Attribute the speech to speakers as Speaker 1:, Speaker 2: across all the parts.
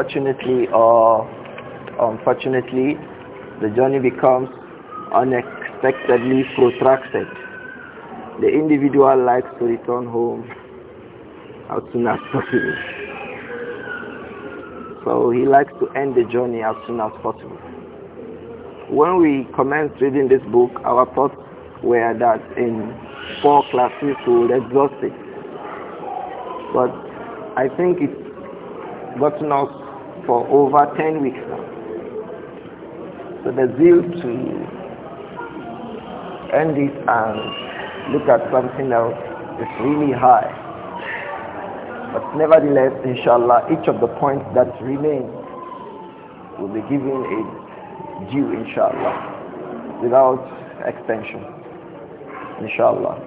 Speaker 1: Unfortunately, or uh, unfortunately, the journey becomes unexpectedly protracted. The individual likes to return home as soon as possible. So he likes to end the journey as soon as possible. When we commenced reading this book, our thoughts were that in four classes we would exhaust it. But I think it's gotten us for over 10 weeks now. So the zeal to end it and look at something else is really high. But nevertheless, inshallah, each of the points that remain will be given a due, inshallah, without extension, inshallah.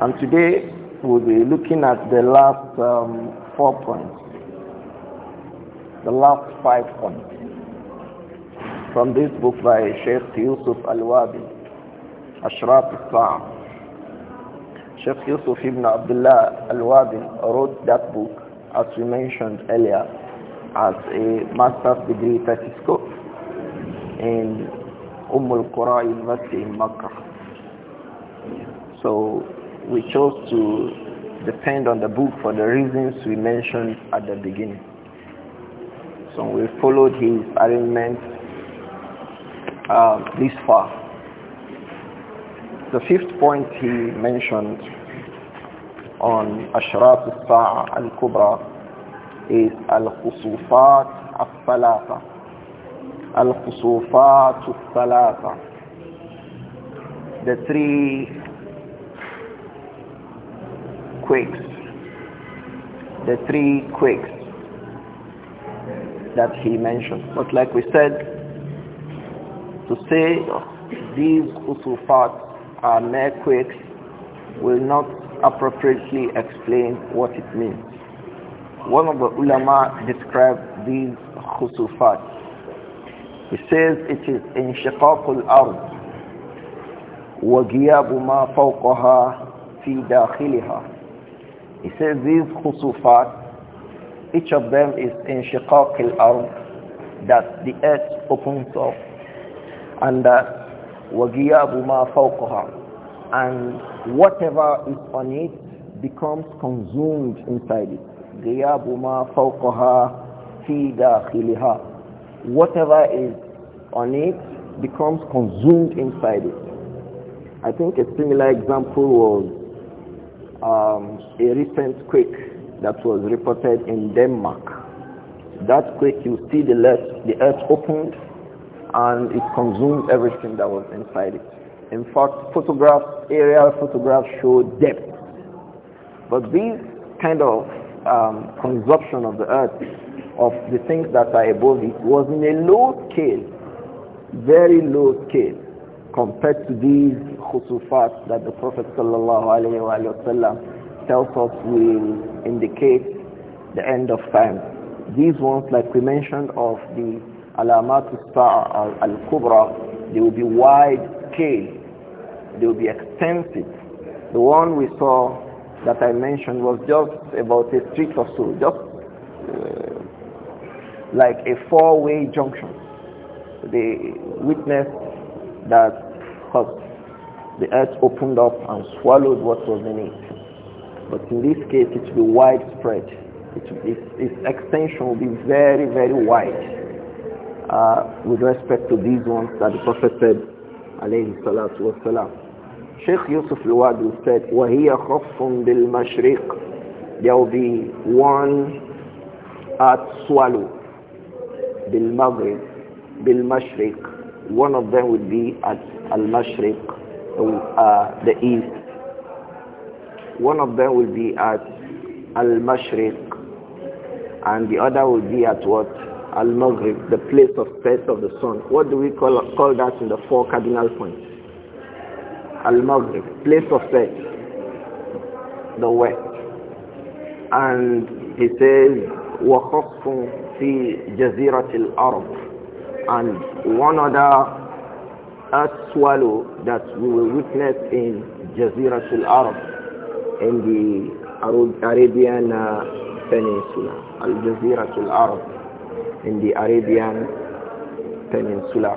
Speaker 1: And today we'll be looking at the last um, four points the last five points from this book by Sheikh Yusuf Al-Wabi, Ashraf al-Sa'am. Sheikh Yusuf ibn Abdullah Al-Wabi wrote that book, as we mentioned earlier, as a master's degree Francisco in Umm al-Qura University in Makkah. So we chose to depend on the book for the reasons we mentioned at the beginning and We followed his arrangement uh, this far. The fifth point he mentioned on Ashraf al-Sa'a al-Kubra is al-Khusufat al-Thalatha. Al-Khusufat al-Thalatha. The three quakes. The three quakes that he mentioned. But like we said, to say these usufat are mere quakes will not appropriately explain what it means. One of the ulama described these khusufat. He says it is in al-ard وغياب ما فوقها في داخلها. He says these khusufat each of them is in shiqaq al-ard that the earth opens up and that uh, wagiyabu ma fawqaha and whatever is on it becomes consumed inside it ghiyabu ma fawqaha fi dakhiliha whatever is on it becomes consumed inside it i think a similar example was um, a recent quake that was reported in Denmark. That quake, you see the earth, the earth opened and it consumed everything that was inside it. In fact, photographs, aerial photographs show depth. But this kind of um, consumption of the earth, of the things that are above it, was in a low scale, very low scale, compared to these khusufat that the Prophet sallallahu wa sallam tells us will indicate the end of time. These ones, like we mentioned, of the alamat al-kubra, they will be wide scale. They will be extensive. The one we saw that I mentioned was just about a street or so, just uh, like a four-way junction. The witness that the earth opened up and swallowed what was in it. But in this case, it will be widespread. It, it, its extension will be very, very wide uh, with respect to these ones that the Prophet said, alayhi salatu wasalam. Sheikh Yusuf Luwadu said, وَهِيَ خَفٌ بِالْمَشْرِقِ There will be one at swallow, بِالْمَغْرِبِ بِالْمَشْرِقِ One of them will be at al-mashriq, uh, the east, one of them will be at Al-Mashriq and the other will be at what? Al-Maghrib, the place of set of the sun. What do we call, call that in the four cardinal points? Al-Maghrib, place of set, the west. And he says, وَخَصٌ فِي al Arab," And one other earth swallow that we will witness in Jaziratul Arab in the Arabian uh, Peninsula, Al-Jazeera al-Arab, in the Arabian Peninsula.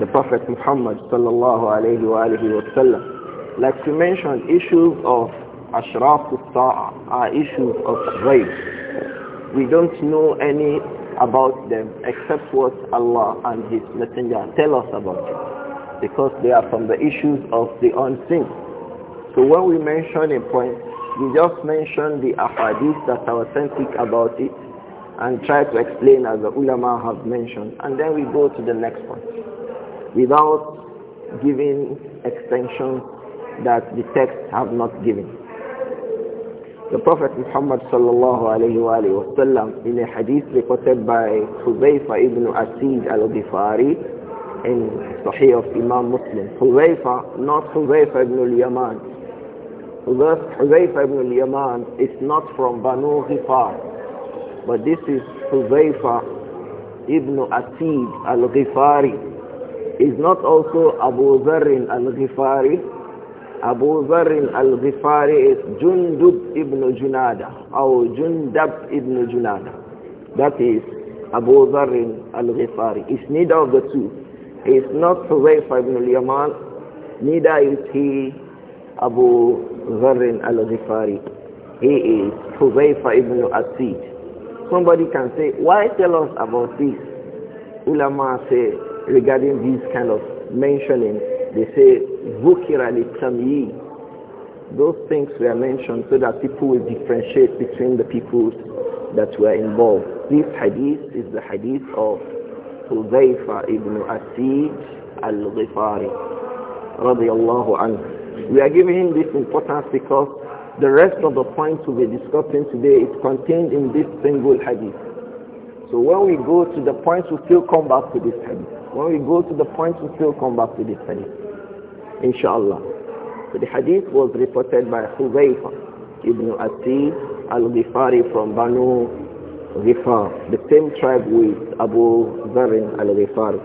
Speaker 1: The Prophet Muhammad sallallahu alayhi wa alihi like we mentioned, issues of Ashraf are uh, issues of race. We don't know any about them except what Allah and His Messenger tell us about it because they are from the issues of the unseen. So when we mention a point, we just mention the ahadith that are authentic about it and try to explain as the ulama have mentioned. And then we go to the next point without giving extension that the text have not given. The Prophet Muhammad sallallahu alayhi wa sallam in a hadith reported by Huzaifa ibn Asid al-Ghifari in Sahih of Imam Muslim. Huzaifa, not Huzaifa ibn al-Yaman, Huzaifa ibn al-Yaman is not from Banu Ghifar, but this is Huzaifa ibn Atid al-Ghifari. Is not also Abu Zarrin al-Ghifari. Abu Zarrin al-Ghifari is Jundub ibn Junada, or Jundab ibn Junada. That is Abu Zarrin al-Ghifari. Is neither of the two. Is not Huzaifa ibn al-Yaman, neither is he Abu Zarrin al-Ghifari. He is Huzaifa ibn Asid. Somebody can say, why tell us about this? Ulama say, regarding these kind of mentioning, they say, Zukira li Those things were mentioned so that people will differentiate between the people that were involved. This hadith is the hadith of Huzaifa ibn Asid al-Ghifari radiallahu anhu. We are giving him this importance because the rest of the points we'll be discussing today is contained in this single hadith. So when we go to the points, we still come back to this hadith. When we go to the points, we still come back to this hadith. Inshallah. So the hadith was reported by Huzaifa ibn Ati al-Ghifari from Banu Ghifar, the same tribe with Abu Zarin al-Ghifari.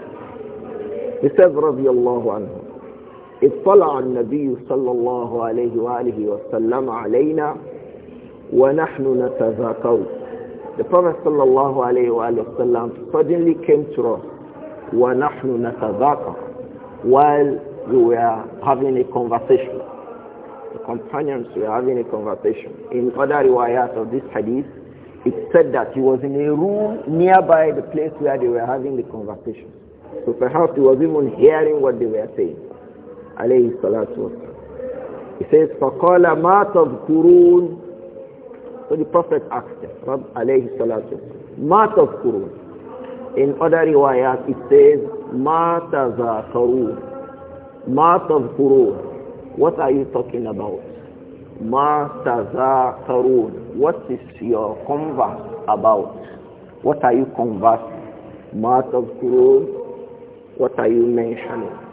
Speaker 1: He says, رضي الله اطلع النبي صلى الله عليه وآله وسلم علينا ونحن نتذاكر The Prophet صلى الله عليه وآله وسلم suddenly came to us ونحن نتذاكر while we were having a conversation. The companions were having a conversation. In other riwayat of this hadith, it said that he was in a room nearby the place where they were having the conversation. So perhaps he was even hearing what they were saying. He says, فَقَالَ مَا تَذْكُرُونَ So the Prophet asked him, Rabb alayhi salatu مَا تَذْكُرُونَ In other riwayat it says, مَا Mat مَا تَذْكُرُونَ What are you talking about? مَا تَذَاكَرُونَ What is your converse about? What are you conversing? مَا تَذْكُرُونَ What are you mentioning?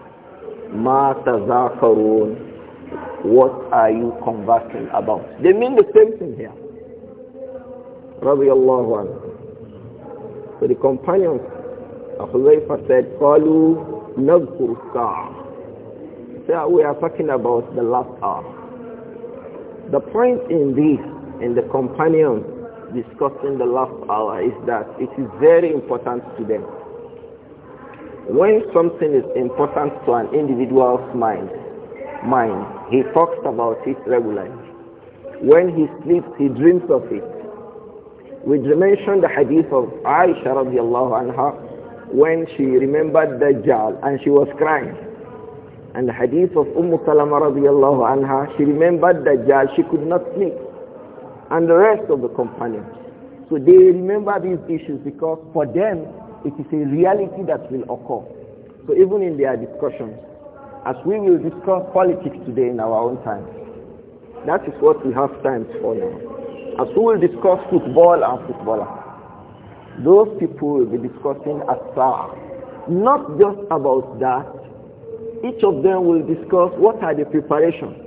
Speaker 1: Ma What are you conversing about? They mean the same thing here. Radiallahu anhu. So the companions of Huzaifa said, Qalu nazkur sa'a. we are talking about the last hour. The point in this, in the companions discussing the last hour, is that it is very important to them. When something is important to an individual's mind, mind, he talks about it regularly. When he sleeps, he dreams of it. We mentioned the hadith of Aisha radiallahu anha when she remembered Dajjal and she was crying. And the hadith of Umm Salama radiallahu anha, she remembered Dajjal, she could not sleep. And the rest of the companions. So they remember these issues because for them, it is a reality that will occur. So even in their discussions, as we will discuss politics today in our own time, that is what we have time for now. As we will discuss football and footballer, those people will be discussing Asar. Not just about that, each of them will discuss what are the preparations.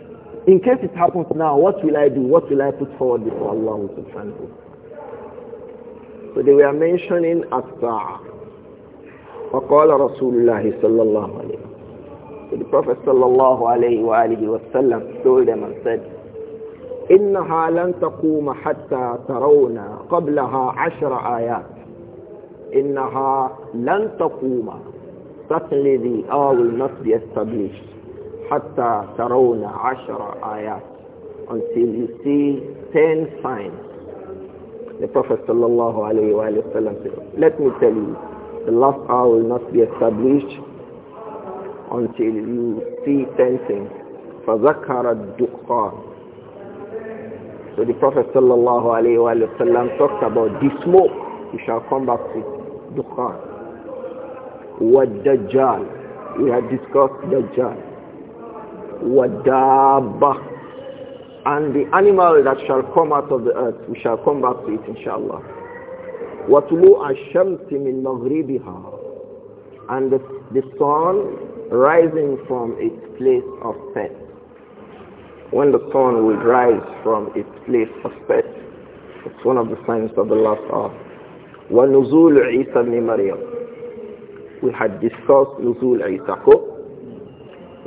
Speaker 1: In case it happens now, what will I do? What will I put forward before Allah subhanahu? So they were mentioning Asar. فقال رسول الله صلى الله عليه وسلم Prophet صلى الله عليه وآله وسلم them and said إنها لن تقوم حتى ترون قبلها عشر آيات إنها لن تقوم Certainly the hour will not be established حتى ترون عشر آيات until you see ten signs the Prophet صلى الله عليه وآله وسلم let me tell you The last hour will not be established until you see ten things. فَذَكَّرَ الدُّقَانِ So the Prophet sallallahu alayhi wa sallam talked about the smoke. We shall come back to Dukhan. وَالدَّجَّالِ We have discussed Dajjal. وَالدَّابَّةِ And the animal that shall come out of the earth, we shall come back to it inshallah. وَطُلُوعَ الشَّمْسِ مِنْ مَغْرِبِهَا And the, the sun rising from its place of set. When the sun will rise from its place of set, it's one of the signs of the last hour. وَنُزُولُ عِيسَى مِنْ مَرْيَمَ We had discussed نزول عيسى.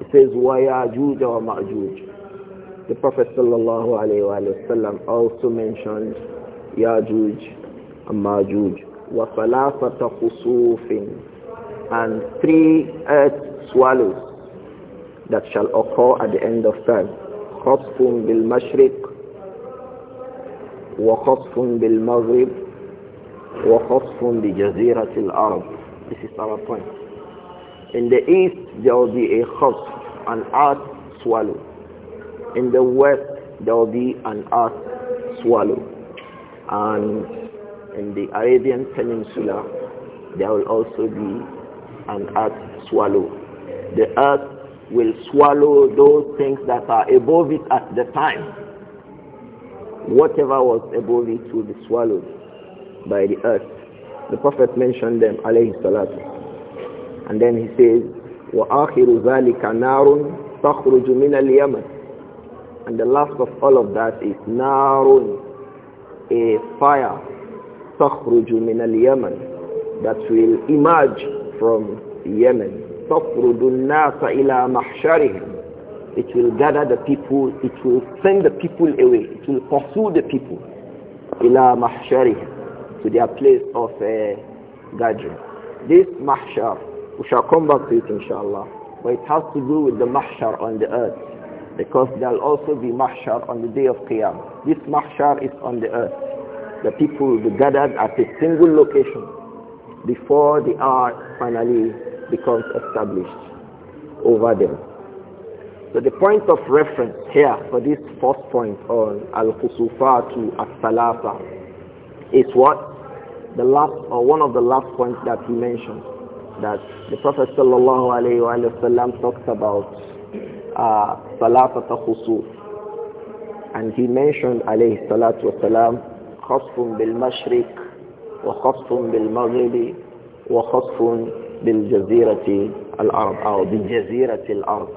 Speaker 1: It says وَيَاجُوجَ وَمَأْجُوجَ the Prophet sallallahu alayhi wasallam also mentioned Yajuj Majuj. وَثَلَاثَةَ خُصُوفٍ And three earth swallows that shall occur at the end of time. خَصْفٌ بِالْمَشْرِقِ وَخَصْفٌ بِالْمَغْرِبِ وَخَصْفٌ بِجَزِيرَةِ الْعَرَبِ This is our point. In the east, there will be a khasf, an earth swallow. In the west, there will be an earth swallow. And in the Arabian Peninsula, there will also be an earth swallow. The earth will swallow those things that are above it at the time. Whatever was above it will be swallowed by the earth. The Prophet mentioned them, alayhi salatu. And then he says, وَآخِرُ ذَلِكَ نَارٌ تَخْرُجُ مِنَ الْيَمَنِ And the last of all of that is narun, a fire تخرج من اليمن that will emerge from Yemen تطرد الناس إلى محشرهم it will gather the people it will send the people away it will pursue the people إلى محشرهم to their place of uh, gathering this mahshar we shall come back to it inshallah but it has to do with the mahshar on the earth because there will also be mahshar on the day of Qiyamah this mahshar is on the earth the people will be gathered at a single location before the hour finally becomes established over them. So the point of reference here for this first point on al to as salafa is what? The last or one of the last points that he mentioned that the Prophet sallallahu alayhi wasallam talks about uh, Salat al khusuf and he mentioned alayhi salatu wasalam خصف بالمشرق وخصف بالمغرب وخصف بالجزيرة الأرض أو الأرض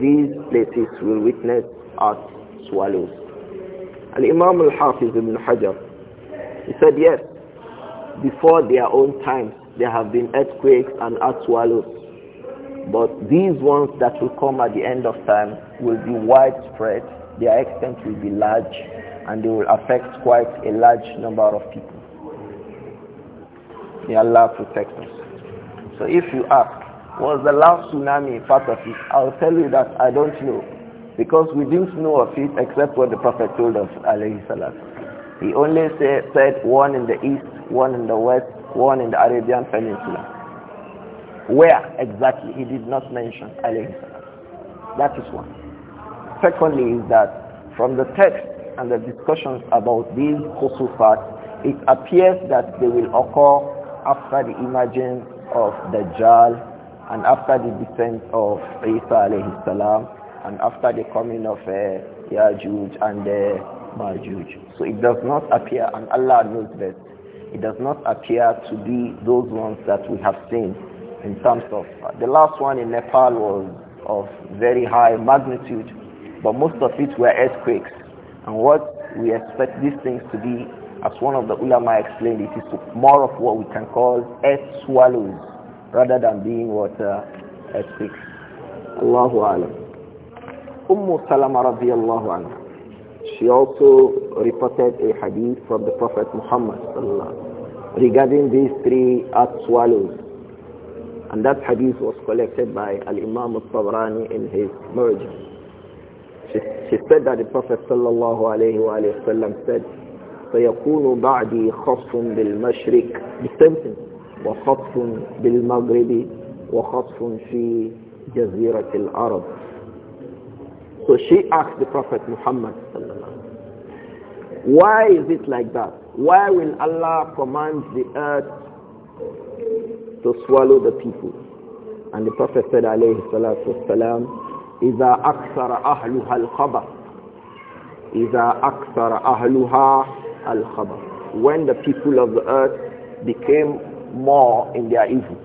Speaker 1: These places will witness us swallows. Al-Imam al-Hafiz ibn Hajar, he said yes, before their own times there have been earthquakes and earth swallows. But these ones that will come at the end of time will be widespread, their extent will be large, and they will affect quite a large number of people. May Allah protect us. So if you ask, was the last tsunami part of it? I'll tell you that I don't know. Because we didn't know of it except what the Prophet told us, alayhi salat. He only say, said one in the east, one in the west, one in the Arabian Peninsula. Where exactly? He did not mention, alayhi That is one. Secondly is that from the text and the discussions about these khusufat, it appears that they will occur after the emergence of Dajjal and after the descent of Isa alayhi salam and after the coming of uh, Yajuj and uh, Majuj. So it does not appear, and Allah knows best. it does not appear to be those ones that we have seen in terms of, uh, the last one in Nepal was of very high magnitude, but most of it were earthquakes. And what we expect these things to be, as one of the ulama explained, it is more of what we can call earth swallows rather than being water uh, ethics. Allahu alam. Umm Salama radiallahu anha. She also reported a hadith from the Prophet Muhammad regarding these three earth swallows. And that hadith was collected by Al-Imam al-Tabrani in his Murjah. She, she said that the Prophet sallallahu alayhi wa sallam said, فَيَكُونُ بَعْدِي خَصٌ بِالْمَشْرِكِ The same thing. وَخَصٌ بِالْمَغْرِبِ وَخَصٌ فِي جَزِيرَةِ الْعَرَبِ So she asked the Prophet Muhammad why is it like that? Why will Allah command the earth to swallow the people? And the Prophet said alayhi salatu والسلام إذا أكثر أهلها الخبر إذا أكثر أهلها الخبر when the people of the earth became more in their evil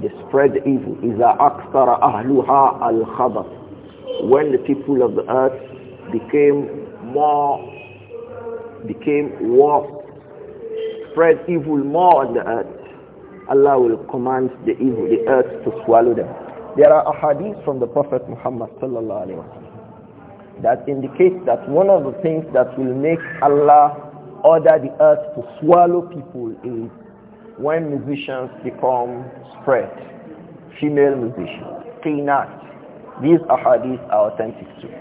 Speaker 1: they spread the evil إذا أكثر أهلها الخبر when the people of the earth became more became worse spread evil more on the earth Allah will command the evil the earth to swallow them there are ahadith from the Prophet Muhammad sallallahu that indicate that one of the things that will make Allah order the earth to swallow people is when musicians become spread, female musicians, qinat. These ahadith are authentic too.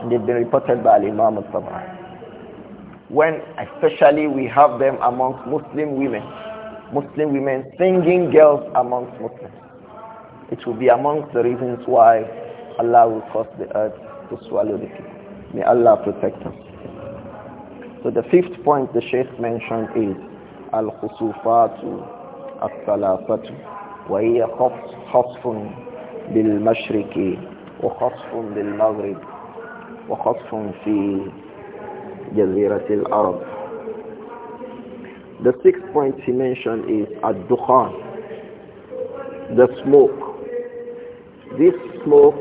Speaker 1: And they've been reported by Imam
Speaker 2: al-Sabah.
Speaker 1: When especially we have them amongst Muslim women, Muslim women singing girls amongst Muslims. It will be amongst the reasons why Allah will cause the earth to swallow the people. May Allah protect us. So the fifth point the Sheikh mentioned is Al-Khusufatu Al-Salafatu وهي خصف بالمشرق وخصف بالمغرب وخصف في al-arab. The sixth point he mentioned is Ad-Dukhan the smoke this smoke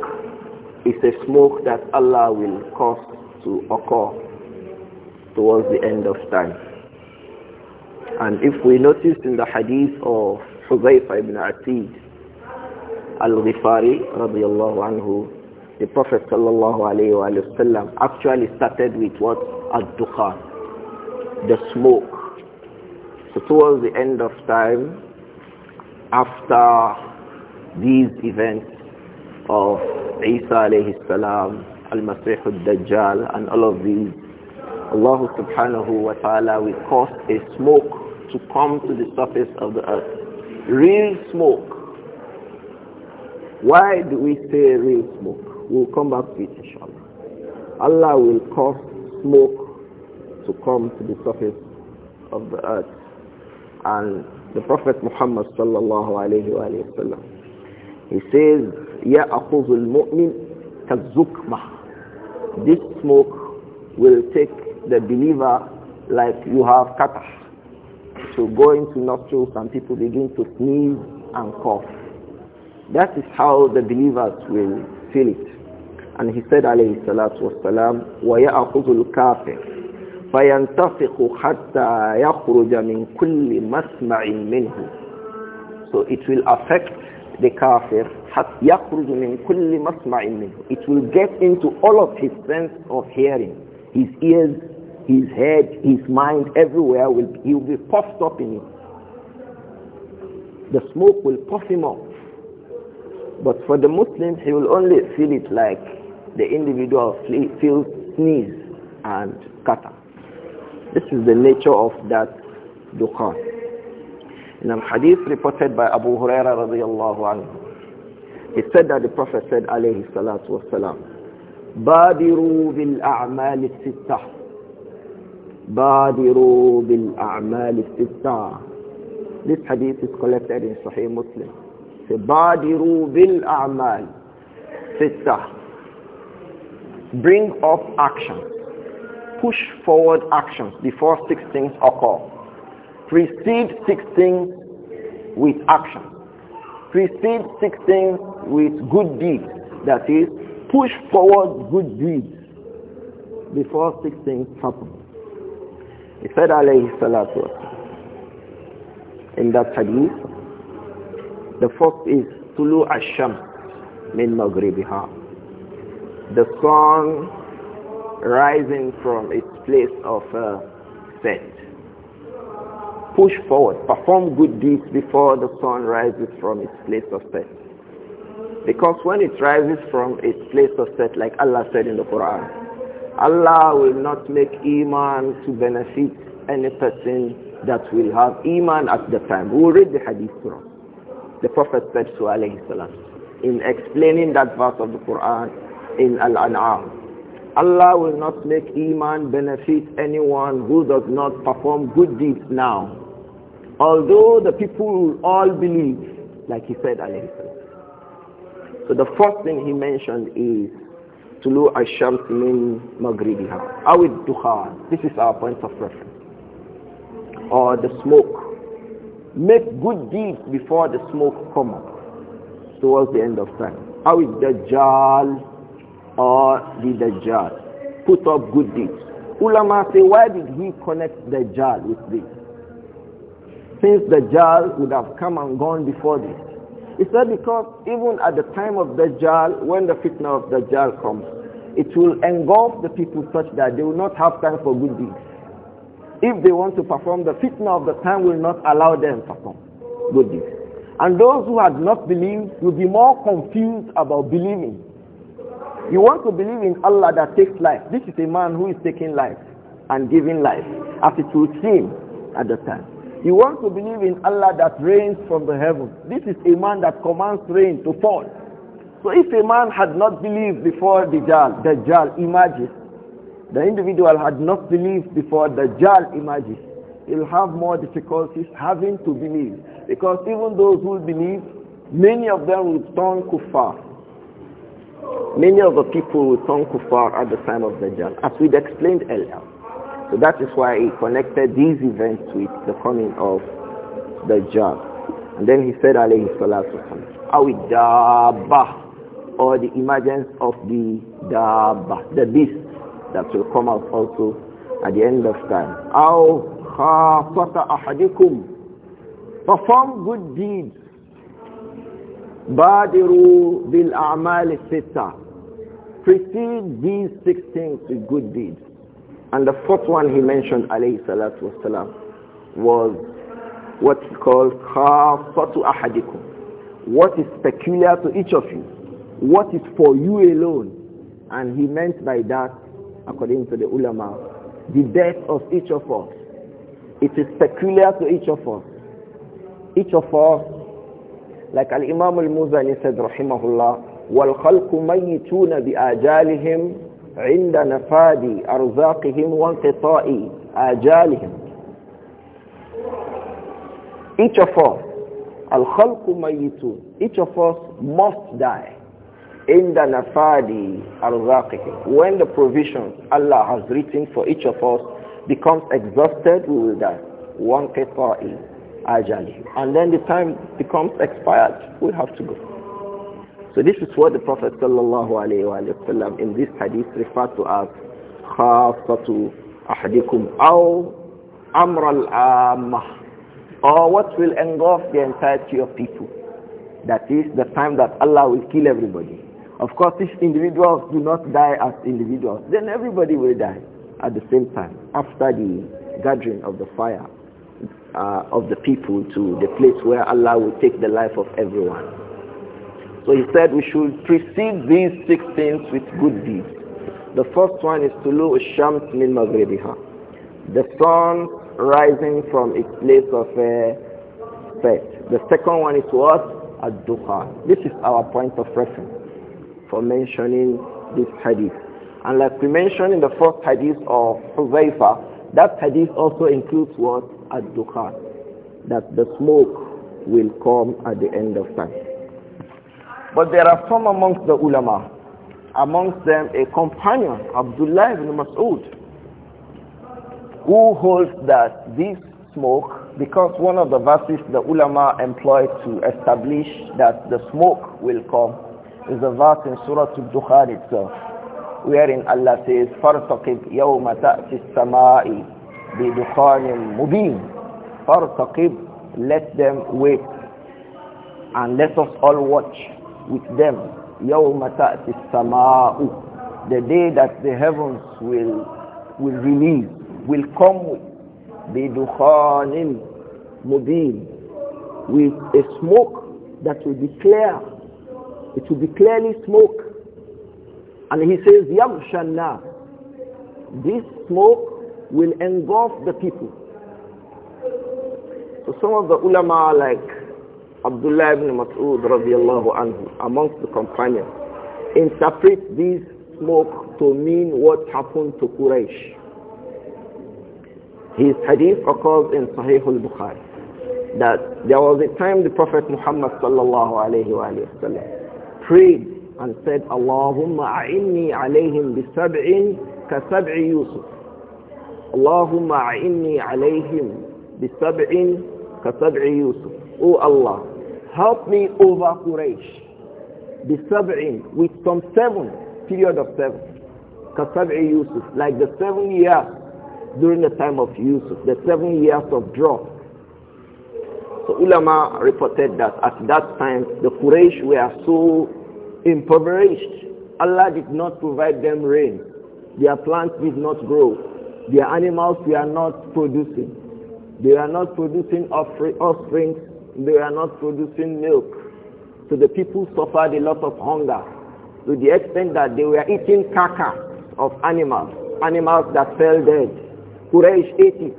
Speaker 1: is a smoke that Allah will cause to occur towards the end of time. And if we notice in the hadith of Huzaifa ibn Atid al-Ghifari radiallahu anhu, the Prophet sallallahu alayhi wa sallam actually started with what? Ad-Dukhan, the smoke. So towards the end of time, after these events, of Isa alayhi salam, Al-Masih al-Dajjal and all of these, Allah subhanahu wa ta'ala will cause a smoke to come to the surface of the earth. Real smoke. Why do we say real smoke? We'll come back to it inshallah. Allah will cause smoke to come to the surface of the earth. And the Prophet Muhammad sallallahu alayhi wa sallam he says, يَأْخُذُ mu'min, kazukma." This smoke will take the believer like you have katar. So go into nostrils and people begin to sneeze and cough. That is how the believers will feel it. And he said, alayhi salatu wasalam, وَيَأْخُذُ الْكَافِرِ فينتفق حتى يخرج من كل مسمع منه so it will affect the kafir يخرج من كل مسمع منه it will get into all of his sense of hearing his ears his head his mind everywhere will he will be puffed up in it the smoke will puff him up but for the muslim he will only feel it like the individual feels sneeze and kata this is the nature of that dukhan in a hadith reported by Abu Huraira radiallahu anhu. It said that the Prophet said alayhi salatu wasalam, بادروا بالأعمال الستة بادروا بالأعمال الستة This hadith is collected in Sahih Muslim. Say, بادروا بالأعمال الستة Bring up action. Push forward actions before six things occur. Precede six things with action. Precede six things with good deeds. That is, push forward good deeds before six things happen. He said, alayhi salatu in that hadith, the first is tulu asham min maghribiha. The sun rising from its place of uh, set push forward, perform good deeds before the sun rises from its place of set. Because when it rises from its place of set, like Allah said in the Quran, Allah will not make Iman to benefit any person that will have Iman at the time. We will read the hadith from The Prophet said to alayhi salam, in explaining that verse of the Quran in Al-An'am, Allah will not make Iman benefit anyone who does not perform good deeds now. Although the people all believe, like he said, So the first thing he mentioned is Tulu Ashams min Magribiha. Awid Dukhan. This is our point of reference. Or the smoke. Make good deeds before the smoke comes up towards the end of time. Awid Dajjal or the Dajjal. Put up good deeds. Ulama say, why did he connect Dajjal with this? since Dajjal would have come and gone before this. He said because even at the time of Dajjal, when the fitna of Dajjal comes, it will engulf the people such that they will not have time for good deeds. If they want to perform, the fitna of the time will not allow them to perform good deeds. And those who had not believed will be more confused about believing. You want to believe in Allah that takes life. This is a man who is taking life and giving life as it would seem at the time. You want to believe in Allah that rains from the heaven. This is a man that commands rain to fall. So if a man had not believed before Dajjal, Dajjal emerges, the individual had not believed before Dajjal emerges, he'll have more difficulties having to believe. Because even those who believe, many of them will turn kuffar. Many of the people will turn kuffar at the time of Dajjal, as we'd explained earlier. So that is why he connected these events with the coming of the job. And then he said, alayhi salatu awidaba, or the emergence of the daba, the beast that will come out also at the end of time. Aw khafata ahadikum, perform good deeds. Badiru bil a'mal sitta, precede these six things with good deeds. And the fourth one he mentioned, alayhi salatu wasalam, was what he called khafatu ahadikum. What is peculiar to each of you. What is for you alone. And he meant by that, according to the ulama, the death of each of us. It is peculiar to each of us. Each of us, like Al-Imam Al-Muzani said, rahimahullah, وَالْخَلْقُ مَيِّتُونَ بِآجَالِهِمْ عند أرزاقهم وانقطاع آجالهم Each of us, الخلق ميتون, each of us must die عند نفاد أرزاقهم. When the provision Allah has written for each of us becomes exhausted, we will die. وانقطاع آجالهم. And then the time becomes expired, we have to go. So this is what the Prophet sallallahu alaihi wasallam in this hadith referred to as khafatu ahdikum aw amr al or what will engulf the entirety of people. That is the time that Allah will kill everybody. Of course, if individuals do not die as individuals, then everybody will die at the same time after the gathering of the fire uh, of the people to the place where Allah will take the life of everyone. So he said we should precede these six things with good deeds. The first one is tulu shams min maghribiha. The sun rising from its place of uh, set. The second one is what? Ad-duha. This is our point of reference for mentioning this hadith. And like we mentioned in the first hadith of Huzaifa, that hadith also includes what? Ad-duha. That the smoke will come at the end of time. But there are some amongst the ulama, amongst them a companion, Abdullah ibn Mas'ud, who holds that this smoke, because one of the verses the ulama employed to establish that the smoke will come is the verse in Surah Al-Dukhan itself, wherein Allah says, فَارْتَقِبْ يَوْمَ تَأْتِ السَّمَاءِ بِدُخَانٍ مُبِينٍ فَارْتَقِبْ Let them wait and let us all watch with them يوم تأتي samau. the day that the heavens will will release will come with بدخان مبين with a smoke that will be clear it will be clearly smoke and he says يغشى this smoke will engulf the people so some of the ulama like Abdullah ibn Mas'ud radiallahu anhu, amongst the companions, interpret this smoke to mean what happened to Quraysh. His hadith occurs in Sahih al-Bukhari that there was a time the Prophet Muhammad sallallahu alayhi wa sallam prayed and said, Allahumma a'inni alayhim bi sab'in ka sab'i Yusuf. Allahumma a'inni alayhim bi sab'in ka sab'i Yusuf. O Allah, help me over Quraysh. The seven with some seven, period of seven. Kasab'i Yusuf, like the seven years during the time of Yusuf, the seven years of drought. So ulama reported that at that time the Quraysh were so impoverished. Allah did not provide them rain. Their plants did not grow. Their animals were not producing. They are not producing offspring they were not producing milk. So the people suffered a lot of hunger to the extent that they were eating caca of animals, animals that fell dead. Quraysh ate it.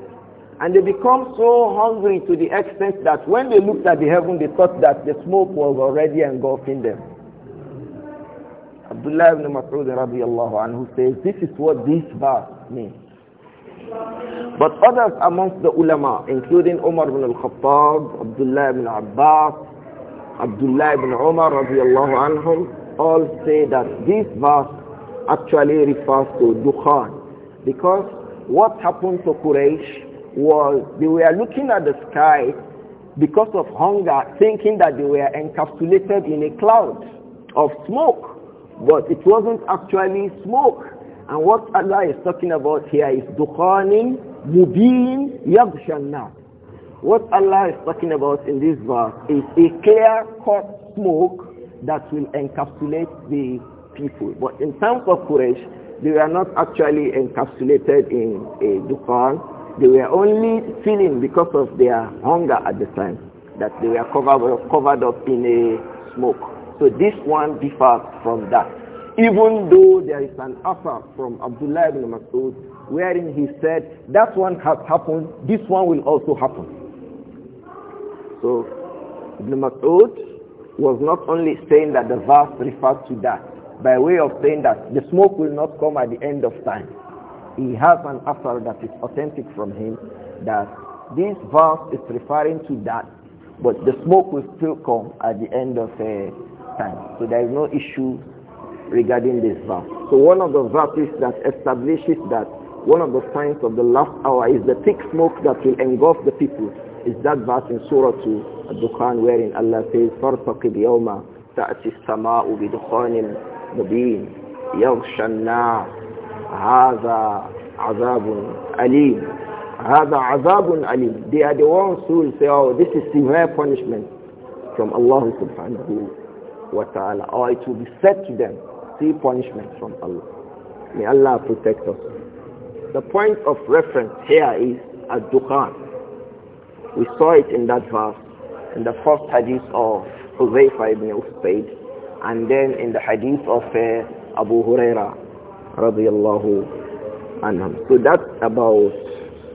Speaker 1: And they become so hungry to the extent that when they looked at the heaven, they thought that the smoke was already engulfing them. Abdullah ibn Mas'ud radiallahu anhu says, this is what this verse means. But others amongst the ulama, including Umar ibn al-Khattab, Abdullah ibn Abbas, Abdullah ibn Umar radiallahu anhum, all say that this verse actually refers to Dukhan. Because what happened to Quraysh was they were looking at the sky because of hunger, thinking that they were encapsulated in a cloud of smoke. But it wasn't actually smoke. And what Allah is talking about here is dukhanin mubin yaghshan What Allah is talking about in this verse is a clear-cut smoke that will encapsulate the people. But in terms of Quraysh, they were not actually encapsulated in a dukhan. They were only feeling because of their hunger at the time that they were covered, covered up in a smoke. So this one differs from that even though there is an offer from Abdullah ibn Mas'ud wherein he said, that one has happened, this one will also happen. So Ibn Mas'ud was not only saying that the verse refers to that, by way of saying that the smoke will not come at the end of time. He has an asar that is authentic from him that this verse is referring to that, but the smoke will still come at the end of uh, time. So there is no issue regarding this verse. So one of the verses that establishes that one of the signs of the last hour is the thick smoke that will engulf the people is that verse in Surah 2 Al-Dukhan wherein Allah says فَارْتَقِبْ يَوْمَ تَأْتِي السَّمَاءُ بِدُخَانٍ مُبِينٍ يَغْشَى النَّارِ هَذَا عَذَابٌ أَلِيمٌ هَذَا عَذَابٌ أَلِيمٌ They are the ones who will say, oh, this is severe punishment from Allah subhanahu wa ta'ala. Or oh, it will be said to them punishment from Allah. May Allah protect us. The point of reference here is Ad-Dukhan. We saw it in that verse, in the first hadith of Huzaifa ibn Usaid, and then in the hadith of uh, Abu Huraira radiallahu anhum. So that's about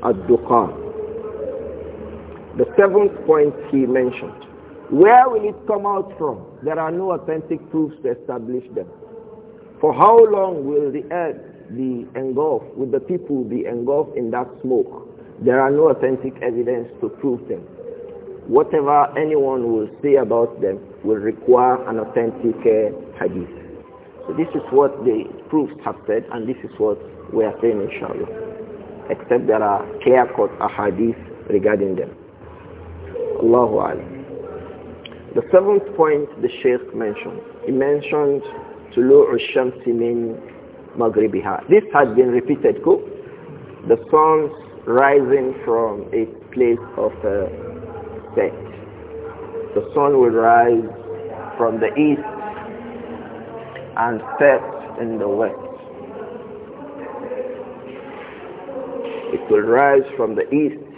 Speaker 1: Ad-Dukhan. The seventh point he mentioned. Where will it come out from? There are no authentic proofs to establish them. For how long will the earth be engulfed, will the people be engulfed in that smoke? There are no authentic evidence to prove them. Whatever anyone will say about them will require an authentic uh, hadith. So this is what the proofs have said and this is what we are saying inshallah. Except there are clear-cut hadith regarding them. Allahu Alam. The seventh point the Sheikh mentioned, he mentioned طلوع الشمس من مغربها this has been repeated ko the sun's rising from its place of uh, set the sun will rise from the east and set in the west it will rise from the east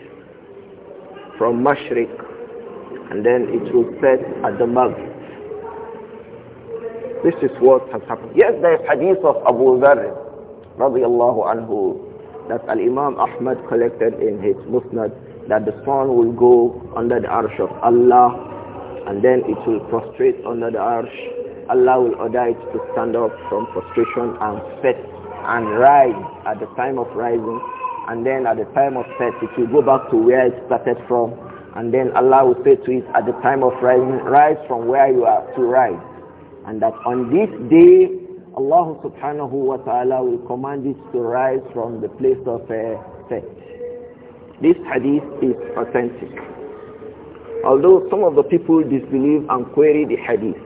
Speaker 1: from mashriq and then it will set at the maghrib this is what has happened. Yes, there is hadith of Abu Dharr, radiallahu anhu, that Al-Imam Ahmad collected in his Musnad, that the sun will go under the arsh of Allah, and then it will prostrate under the arsh. Allah will order it to stand up from prostration and set and rise at the time of rising, and then at the time of set, it will go back to where it started from, and then Allah will say to it at the time of rising, rise from where you are to rise and that on this day Allah subhanahu wa ta'ala will command it to rise from the place of uh, fetch. This hadith is authentic. Although some of the people disbelieve and query the hadith,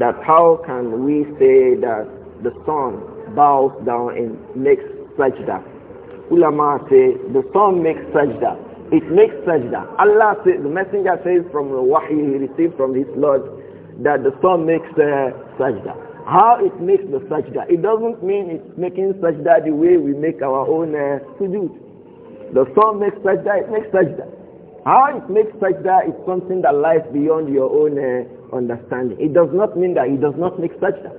Speaker 1: that how can we say that the sun bows down and makes sajda? Ulama say the sun makes sajda. It makes sajda. Allah says, the messenger says from the wahi he received from his Lord that the sun makes the sajda. How it makes the sajda. It doesn't mean it's making sajda the way we make our own uh, sujood. The sun makes sajda, it makes sajda. How it makes sajda is something that lies beyond your own uh, understanding. It does not mean that it does not make sajda.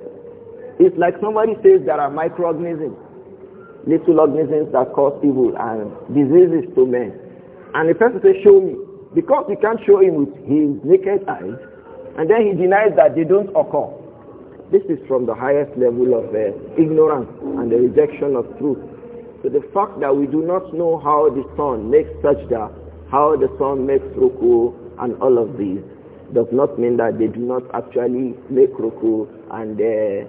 Speaker 1: It's like somebody says there are microorganisms, little organisms that cause evil and diseases to men. And the person says, show me. Because you can't show him with his naked eyes, and then he denies that they don't occur. This is from the highest level of uh, ignorance and the rejection of truth. So the fact that we do not know how the sun makes sajda, how the sun makes ruku, and all of these, does not mean that they do not actually make ruku and uh,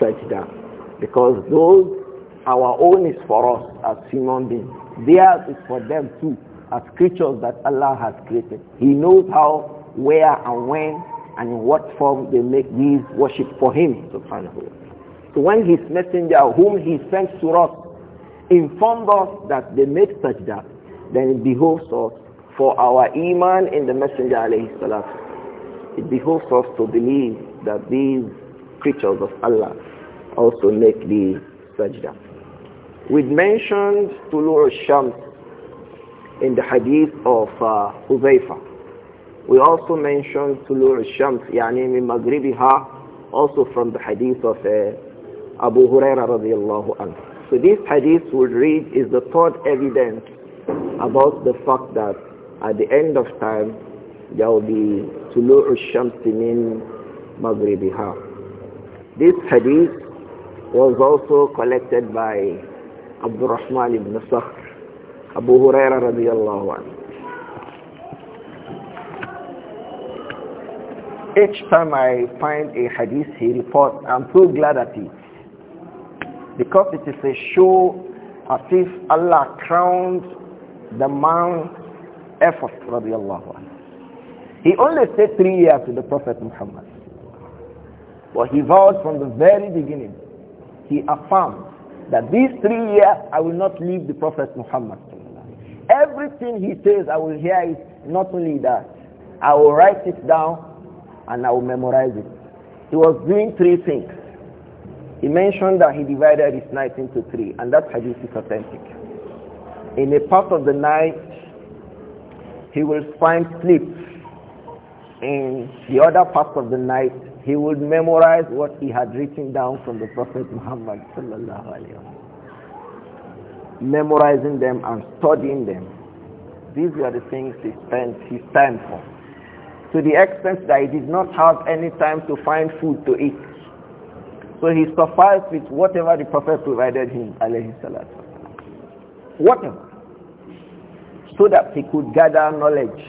Speaker 1: sajda. Because those, our own is for us as human beings. Theirs is for them too, as creatures that Allah has created. He knows how where and when and in what form they make these worship for him, subhanahu So when his messenger, whom he sent to us, informed us that they made such that, then it behoves us for our iman in the messenger alayhi salatu. It behoves us to believe that these creatures of Allah also make the sajda. we mentioned Tulur Shams in the hadith of uh, we also mentioned tulu al Shams, yani min Maghribiha, also from the hadith of uh, Abu Huraira radiallahu anhu. So this hadith we read is the third evidence about the fact that at the end of time there will be tulu al-shams min Maghribiha. This hadith was also collected by Abdurrahman ibn Sakhr, Abu Huraira radiallahu anhu. Each time I find a hadith he reports, I'm so glad at it. Because it is a show as if Allah crowned the man effort, radiallahu anhu. He only stayed three years with the Prophet Muhammad. But he vowed from the very beginning, he affirmed that these three years I will not leave the Prophet Muhammad. Everything he says, I will hear it. Not only that, I will write it down and I will memorize it. He was doing three things. He mentioned that he divided his night into three, and that hadith is authentic. In a part of the night, he will find sleep. In the other part of the night, he would memorize what he had written down from the Prophet Muhammad memorizing them and studying them. These were the things he spent his time for to the extent that he did not have any time to find food to eat. So he sufficed with whatever the Prophet provided him, alayhi salatu. Whatever. So that he could gather knowledge.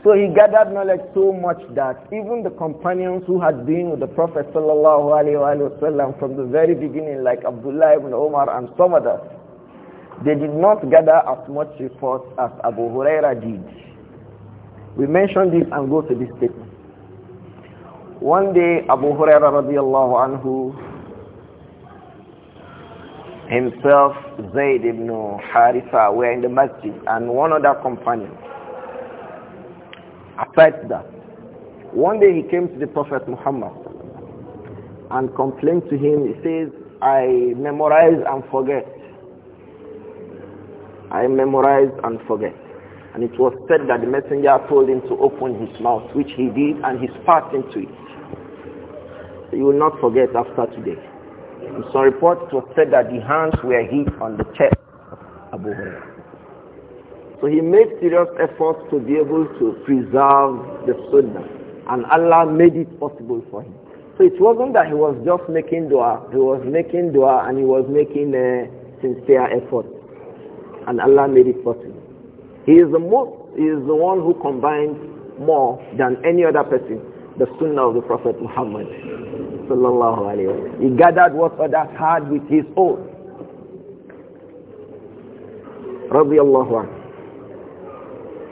Speaker 1: So he gathered knowledge so much that even the companions who had been with the Prophet sallallahu alaihi wasallam from the very beginning, like Abdullah ibn Omar and some others, they did not gather as much reports as Abu Huraira did. We mention this and go to this statement. One day Abu Hurairah radiallahu anhu himself, Zayd ibn Haritha were in the masjid and one other companion. Aside that, one day he came to the Prophet Muhammad and complained to him. He says, I memorize and forget. I memorize and forget. And it was said that the messenger told him to open his mouth, which he did, and he spat into it. You will not forget after today. In some reports, it was said that the hands were hit on the chest of Abu Hurairah. So he made serious efforts to be able to preserve the Sunnah. And Allah made it possible for him. So it wasn't that he was just making dua. He was making dua and he was making a uh, sincere effort. And Allah made it possible. He is the most, he is the one who combines more than any other person the sunnah of the Prophet Muhammad sallallahu alayhi wa He gathered what others had with his own. Radiallahu anhu.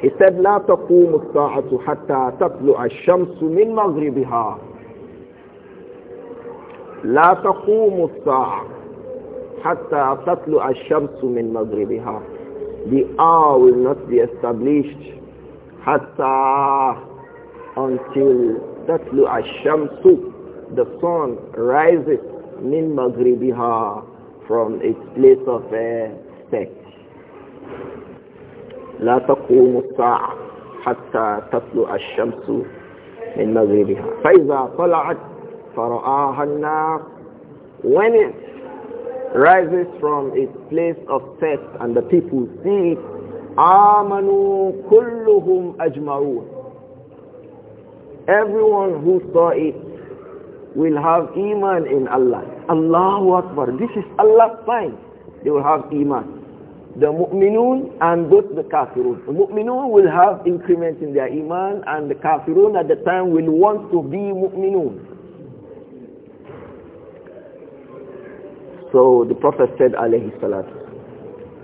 Speaker 1: He said, لا تقوم الساعة حتى تطلع الشمس من مغربها. لا تقوم الساعة حتى تطلع الشمس من مغربها the hour will not be established hatta until that ash-shamsu the sun rises min maghribiha from its place of uh, set لا تقوم الساعة حتى تطلع الشمس من مغربها فإذا طلعت فرآها الناس when it rises from its place of test, and the people see it, Amanu kulluhum أجمعون Everyone who saw it will have iman in Allah. Allahu Akbar. This is Allah's sign. They will have iman. The mu'minun and both the kafirun. The mu'minun will have increment in their iman and the kafirun at the time will want to be mu'minun. So the Prophet said, alayhi salatu,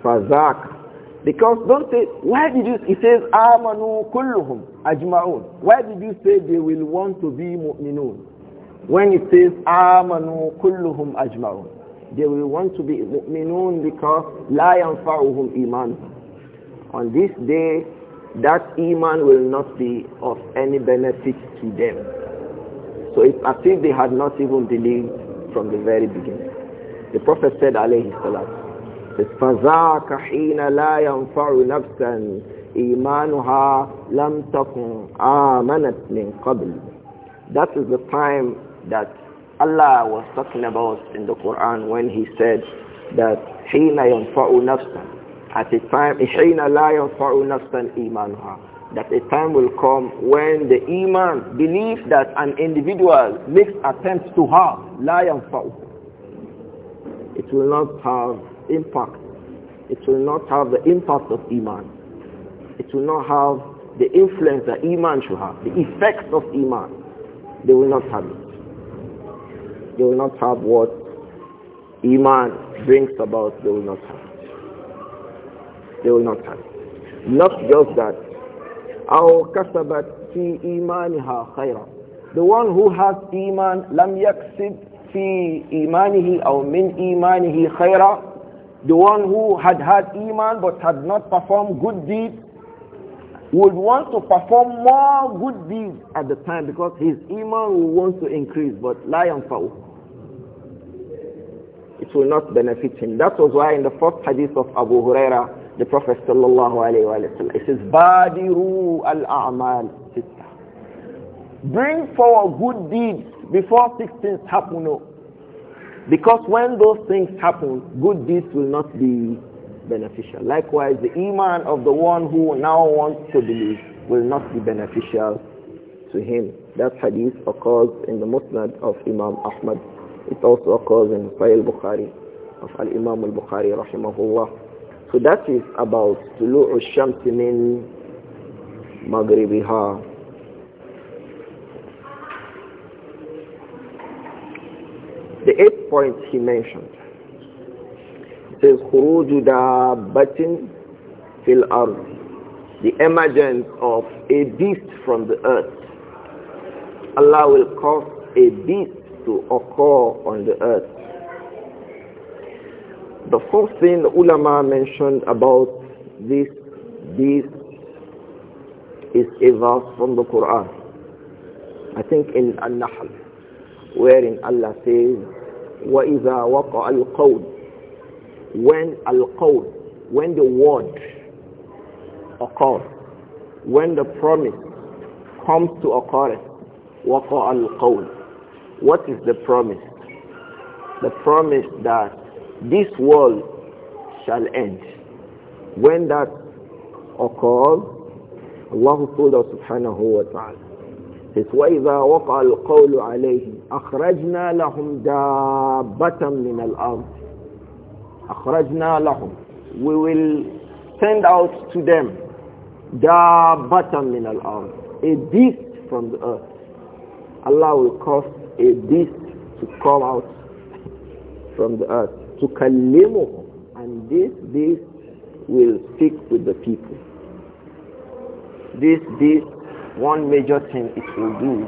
Speaker 1: فَذَاكَ Because don't say, why did you, he says, "Amanu kulluhum أَجْمَعُونَ Why did you say they will want to be mu'minun? When it says, "Amanu kulluhum أَجْمَعُونَ They will want to be mu'minun because la يَنْفَعُهُمْ iman. On this day, that iman will not be of any benefit to them. So it's as if they had not even believed from the very beginning. The Prophet said, alayhi salam, فَذَاكَ حِينَ لَا يَنْفَعُ نَفْسًا إِيمَانُهَا لَمْ تَكُنْ آمَنَتْ مِنْ قَبْلِ That is the time that Allah was talking about in the Quran when he said that حِينَ يَنْفَعُ نَفْسًا At a time, حِينَ لَا يَنْفَعُ نَفْسًا إِيمَانُهَا that a time will come when the iman belief that an individual makes attempts to harm la yanfa'u it will not have impact. It will not have the impact of Iman. It will not have the influence that Iman should have, the effects of Iman. They will not have it. They will not have what Iman brings about, they will not have it. They will not have it. Not just that. أو كسبت في إيمانها خيرا. The one who has Iman, لم يكسب في إيمانه أو من إيمانه خيرا the one who had had iman but had not performed good deeds would want to perform more good deeds at the time because his iman will want to increase but لا foul it will not benefit him that was why in the first hadith of Abu Huraira the Prophet sallallahu alayhi wa sallam it says al-amal ستة bring forward good deeds before six things happen. No. Because when those things happen, good deeds will not be beneficial. Likewise, the iman of the one who now wants to believe will not be beneficial to him. That hadith occurs in the Musnad of Imam Ahmad. It also occurs in Sahih bukhari of Al-Imam al-Bukhari rahimahullah. So that is about tulu'u shamsi min maghribiha The eighth point he mentioned says khuruju batin fil ard the emergence of a beast from the earth Allah will cause a beast to occur on the earth the fourth thing the ulama mentioned about this beast is a verse from the Quran I think in An-Nahl wherein Allah says, وَإِذَا وَقَعَ الْقَوْلِ When al-qawl, when the word occurs, when the promise comes to occurrence, وَقَعَ الْقَوْلِ What is the promise? The promise that this world shall end. When that occurs, Allah told us subhanahu wa ta'ala, says وَإِذَا وَقَعَ الْقَوْلُ عَلَيْهِمْ أَخْرَجْنَا لَهُمْ دَابَّةً مِنَ الْأَرْضِ أَخْرَجْنَا لَهُمْ We will send out to them دَابَّةً مِنَ الْأَرْضِ A beast from the earth. Allah will cause a beast to come out from the earth. to تُكَلِّمُهُمْ And this beast will speak with the people. This beast one major thing it will do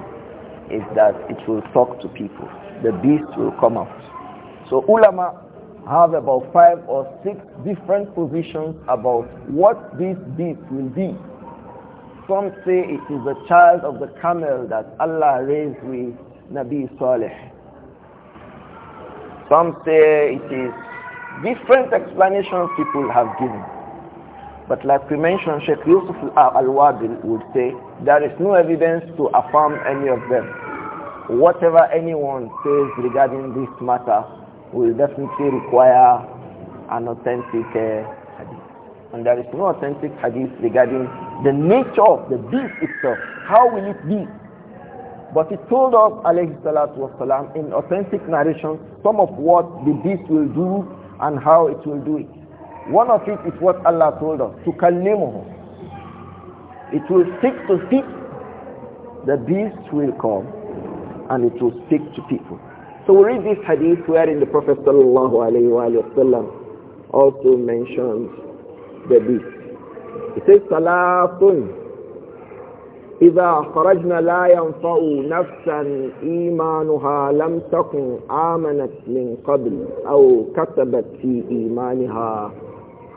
Speaker 1: is that it will talk to people. The beast will come out. So ulama have about five or six different positions about what this beast will be. Some say it is the child of the camel that Allah raised with Nabi Saleh. Some say it is different explanations people have given. But like we mentioned, Sheikh Yusuf al wadil would say, there is no evidence to affirm any of them. Whatever anyone says regarding this matter will definitely require an authentic uh, hadith. And there is no authentic hadith regarding the nature of the beast itself. How will it be? But it told us, alayhi salatu wasalam, in authentic narration, some of what the beast will do and how it will do it. One of it is what Allah told us, to kallimuhu. It will speak to people. The beast will come and it will speak to people. So we read this hadith wherein the Prophet sallallahu alayhi wa also mentions the beast. It says, Salatun. إذا خرجنا لا ينفع نفسا إيمانها لم تكن آمنت من قبل أو كتبت في إيمانها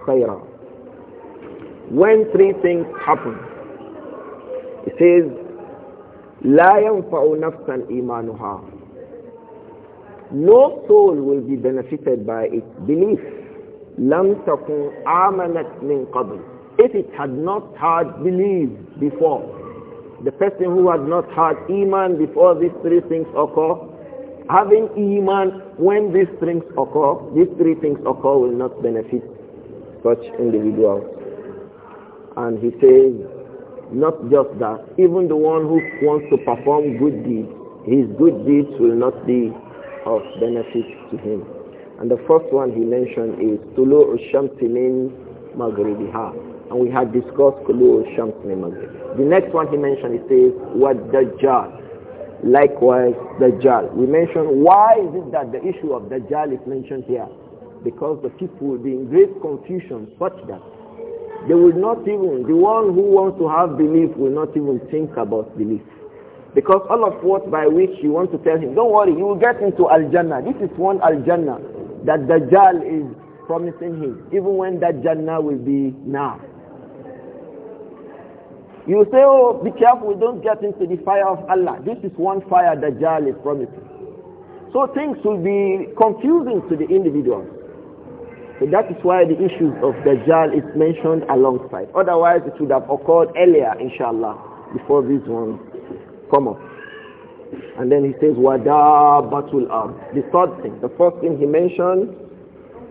Speaker 1: خيرا when three things happen it says لا ينفع نفسا إيمانها no soul will be benefited by its belief لم تكن آمنت من قبل if it had not had belief before the person who has not had iman before these three things occur having iman when these things occur these three things occur will not benefit such individuals. And he says, not just that, even the one who wants to perform good deeds, his good deeds will not be of benefit to him. And the first one he mentioned is Tulu Shamsi min And we had discussed Tulu Shamsi min The next one he mentioned, he says, What Dajjal. Likewise, Dajjal. We mentioned, why is it that the issue of Dajjal is mentioned here? because the people will be in great confusion such that they will not even, the one who wants to have belief will not even think about belief. Because all of what by which you want to tell him, don't worry, you will get into Al-Jannah. This is one Al-Jannah that Dajjal is promising him, even when that Jannah will be now. You say, oh, be careful, don't get into the fire of Allah. This is one fire Dajjal is promising. So things will be confusing to the individuals. So that is why the issue of Dajjal is mentioned alongside. Otherwise, it would have occurred earlier, inshallah, before this one come up. And then he says, Wada Batul Arm. The third thing, the first thing he mentioned,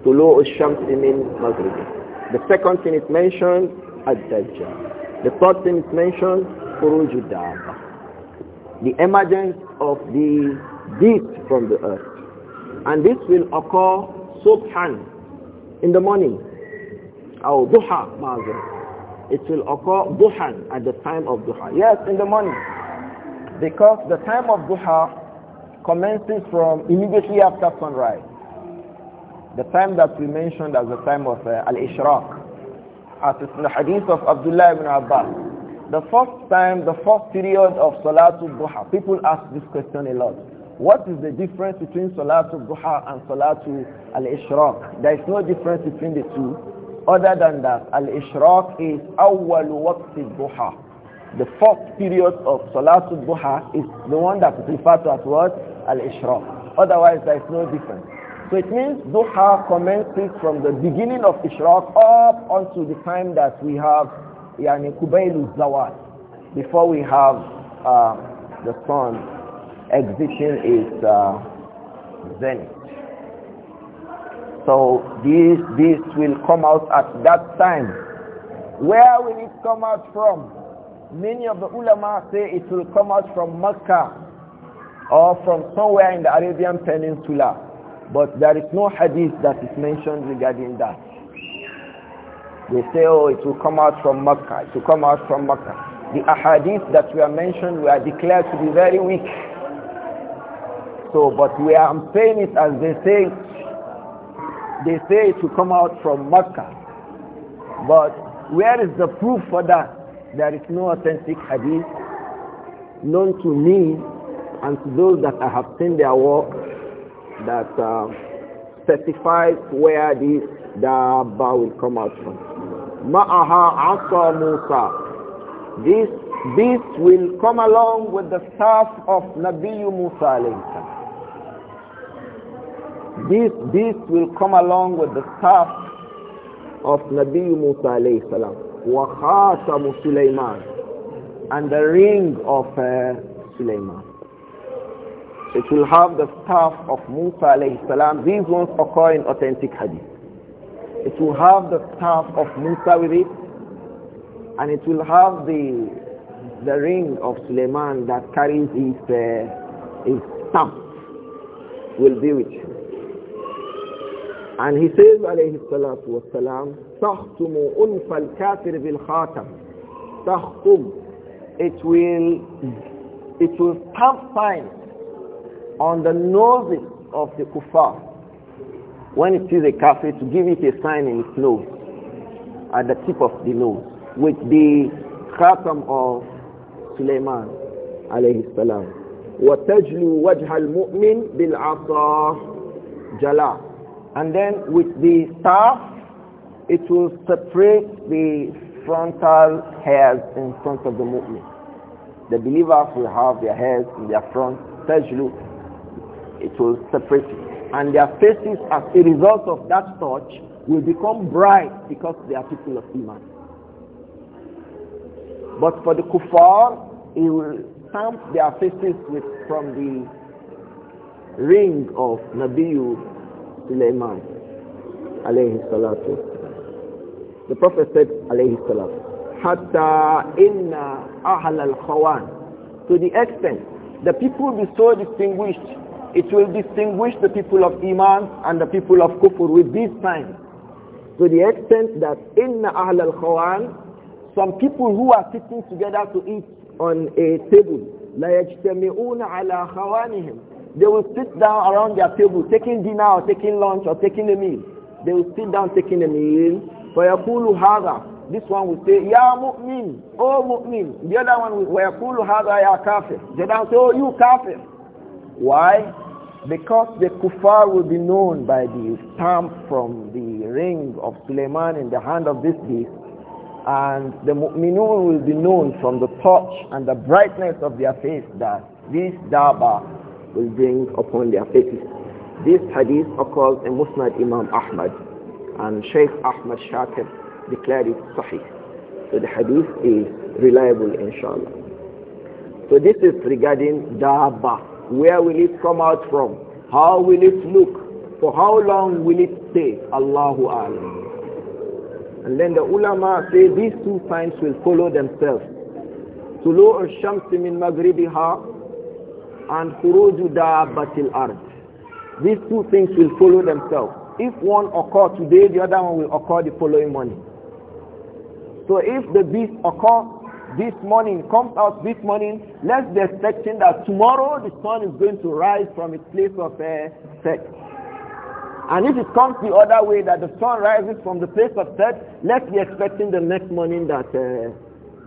Speaker 1: Tulu Ushamsi min Maghrib. The second thing is mentioned, Ad-Dajjal. The third thing is mentioned, Furuju The emergence of the beast from the earth. And this will occur subhan in the morning. Or duha, ma'azir. It will occur duhan at the time of duha. Yes, in the morning. Because the time of duha commences from immediately after sunrise. The time that we mentioned as the time of uh, al-ishraq. As in the hadith of Abdullah ibn Abbas. The first time, the first period of Salatul Duha, people ask this question a lot. What is the difference between Salatul Duha and Salatul Al-Ishraq? There is no difference between the two other than that Al-Ishraq is Awwal Waqti Duha. The first period of Salatul Duha is the one that is referred to as what? Al-Ishraq. Otherwise there is no difference. So it means Duha commences from the beginning of Ishraq up until the time that we have Yani Kubailu Zawad before we have uh, the sun exiting its uh, zenith. So this, this will come out at that time. Where will it come out from? Many of the ulama say it will come out from Mecca or from somewhere in the Arabian Peninsula. But there is no hadith that is mentioned regarding that. They say, oh, it will come out from Mecca. It will come out from Mecca. The ahadith that we are mentioned were declared to be very weak. So, but we are saying it as they say it. They say to come out from Mecca. But where is the proof for that? There is no authentic hadith known to me and to those that I have seen their work that uh, specifies where this Daba will come out from. Ma'aha Asa Musa. This beast will come along with the staff of Nabi Musa alayhi this, this will come along with the staff of Nabi Musa alayhi salam. وَخَاتَمُ سُلَيْمَانَ And the ring of uh, Sulaiman. It will have the staff of Musa alayhi salam. These ones occur in authentic hadith. It will have the staff of Musa with it. And it will have the, the ring of Sulaiman that carries his, uh, his stamp will be with you. And he says, alayhi salatu wasalam, تَخْتُمُ أُنْفَ الْكَافِرِ بِالْخَاتَمِ تَخْتُمُ It will, it will stamp sign on the noses of the kuffar when it sees a kafir to give it a sign in its nose at the tip of the nose with the khatam of Sulaiman alayhi salam وَتَجْلُو وَجْهَ الْمُؤْمِنِ بِالْعَصَى جَلَى and then with the staff it will separate the frontal hairs in front of the mu'min. The believers will have their hairs in their front, tajlu, it will separate it. And their faces as a result of that touch will become bright because they are people of Iman. But for the kuffar, it will stamp their faces with, from the ring of Nabiyu alayhi salatu the prophet said alayhi salatu hatta inna ahl al khawan to the extent the people will be so distinguished it will distinguish the people of iman and the people of Kufur with this time. to the extent that inna ahl al khawan some people who are sitting together to eat on a table la yajtami'una ala khawanihim they will sit down around their table, taking dinner or taking lunch or taking a meal. They will sit down taking a meal. فَيَقُولُ هَذَا This one will say, Ya mu'min, oh mu'min. The other one will, وَيَقُولُ هَذَا Ya kafir. The other one will say, oh you kafir. Why? Because the kuffar will be known by the stamp from the ring of Suleiman in the hand of this beast and the mu'minun will be known from the touch and the brightness of their face that this Daba will bring upon their faces. This hadith occurs in Musnad Imam Ahmad and Sheikh Ahmad Shakir declared it Sahih. So the hadith is reliable inshallah. So this is regarding daabah. Where will it come out from? How will it look? For how long will it stay? Allahu Alam. And then the ulama say these two signs will follow themselves. طلوع الشمس من مغربها and khuruju Batil ard. These two things will follow themselves. If one occur today, the other one will occur the following morning. So if the beast occurs this morning, comes out this morning, let's be expecting that tomorrow the sun is going to rise from its place of uh, set. And if it comes the other way, that the sun rises from the place of set, let's be expecting the next morning that uh,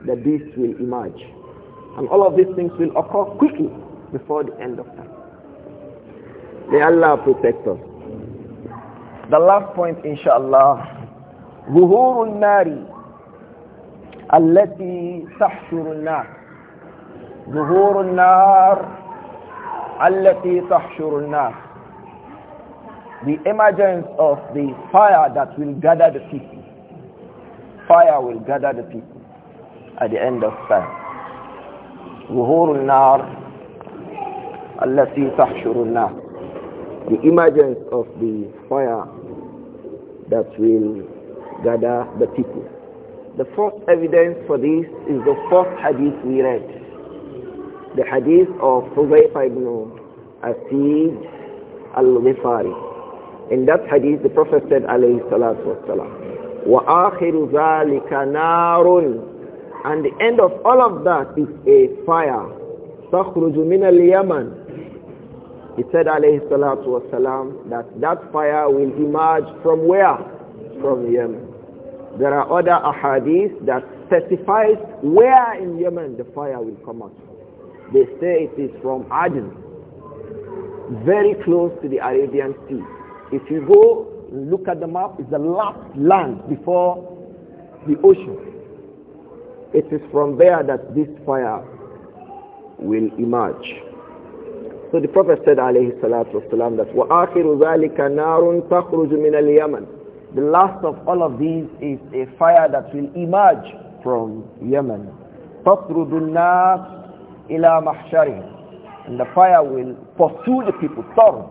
Speaker 1: the beast will emerge. And all of these things will occur quickly before the end of time. May Allah protect us. The last point, inshallah. ظهور النار التي تحشر النار ظهور النار التي تحشر النار the emergence of the fire that will gather the people fire will gather the people at the end of time ظهور النار التي تحشر الناس the emergence of the fire that will gather the people the first evidence for this is the first hadith we read the hadith of Hudayfa ibn Asid al-Ghifari in that hadith the prophet said alayhi salatu wassalam wa akhiru narun and the end of all of that is a fire تخرج من اليمن he said, alayhi salatu wasalam, that that fire will emerge from where? From Yemen. There are other ahadith that specifies where in Yemen the fire will come out. They say it is from Aden, very close to the Arabian Sea. If you go look at the map, it's the last land before the ocean. It is from there that this fire will emerge. So the Prophet said, alayhi salatu wasalam, that وَآخِرُ ذَلِكَ نَارٌ تَخْرُجُ مِنَ الْيَمَنِ The last of all of these is a fire that will emerge from Yemen. تَطْرُدُ النَّاسِ إِلَى مَحْشَرِهِمْ And the fire will pursue the people, turn.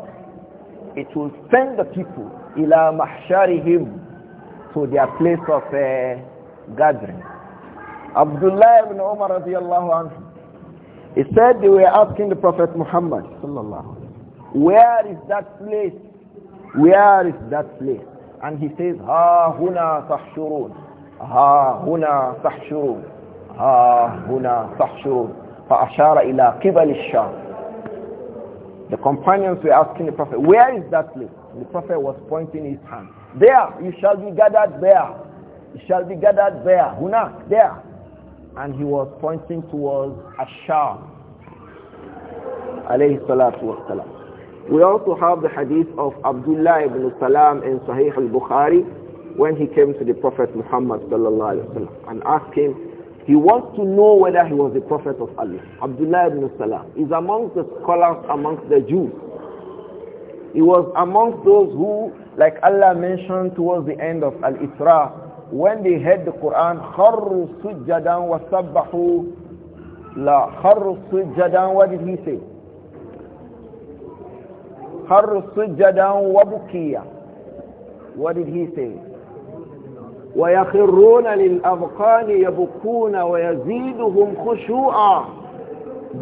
Speaker 1: It will send the people, إِلَى مَحْشَرِهِمْ To their place of uh, gathering. Abdullah ibn Umar radiallahu anhu he said they were asking the Prophet Muhammad where is that place? Where is that place? And he says, Ha huna sahshurun, Ha huna sahshurun, Ha huna sahshurun. فأشار إلى قبل الشام. The companions were asking the Prophet, where is that place? the Prophet was pointing his hand. There, you shall be gathered there. You shall be gathered there. Huna, there and he was pointing towards Ashar. alayhi salatu We also have the hadith of Abdullah ibn Salam in Sahih al-Bukhari when he came to the Prophet Muhammad sallallahu alayhi and asked him, he wants to know whether he was the Prophet of Allah. Abdullah ibn Salam is amongst the scholars amongst the Jews. He was amongst those who, like Allah mentioned towards the end of Al-Isra, when they heard the Quran خَرُّ سُجَّدًا وَسَبَّحُوا لَا خَرُّ سُجَّدًا what did he say خَرُّ سُجَّدًا وَبُكِيًّا what did he say ويخرون للأذقان يبكون ويزيدهم خشوعا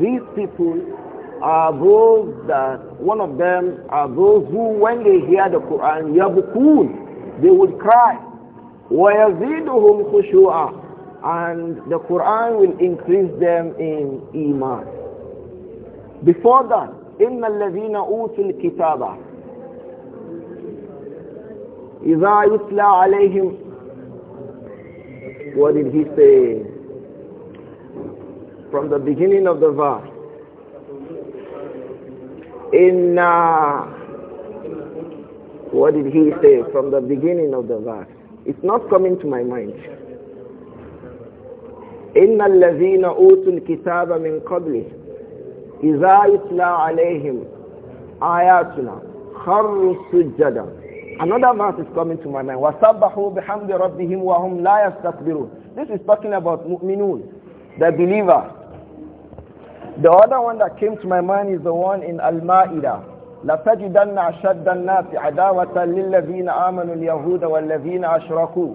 Speaker 1: these people are those that one of them are those who when they hear the Quran يَبُكُونَ they would cry وَيَزِيدُهُمْ خُشُوعًا And the Quran will increase them in Iman. Before that, إِنَّ الَّذِينَ أُوتُوا الْكِتَابَ إِذَا يُتْلَى عَلَيْهِمْ What did he say? From the beginning of the verse. إِنَّا
Speaker 2: What did he say
Speaker 1: from the beginning of the verse? It's not coming to my mind. إن الذين أوتوا الكتاب من قبله إذا يتلى عليهم آياتنا خروا سجدا Another verse is coming to my mind. وَسَبَّحُوا بِحَمْدِ رَبِّهِمْ وَهُمْ لَا يَسْتَكْبِرُونَ This is talking about mu'minun, the believer. The other one that came to my mind is the one in Al-Ma'idah. لتجدن أشد الناس عداوة للذين آمنوا اليهود والذين أشركوا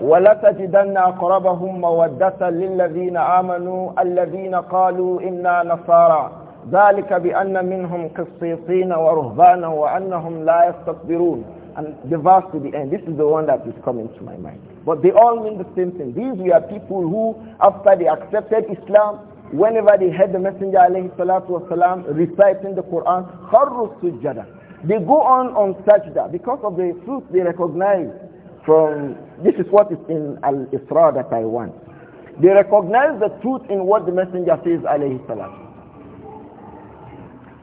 Speaker 1: ولتجدن أقربهم مودة للذين آمنوا الذين قالوا إنا نصارى ذلك بأن منهم قسيطين ورهبانا وأنهم لا يستكبرون and the verse to the end this is the one that is coming to my mind but they all mean the same thing these were people who after they accepted Islam whenever they heard the Messenger والسلام, reciting the Quran, خَرُّ They go on on sajda because of the fruit they recognize from, this is what is in Al-Isra that I want. They recognize the truth in what the Messenger says alayhi salam.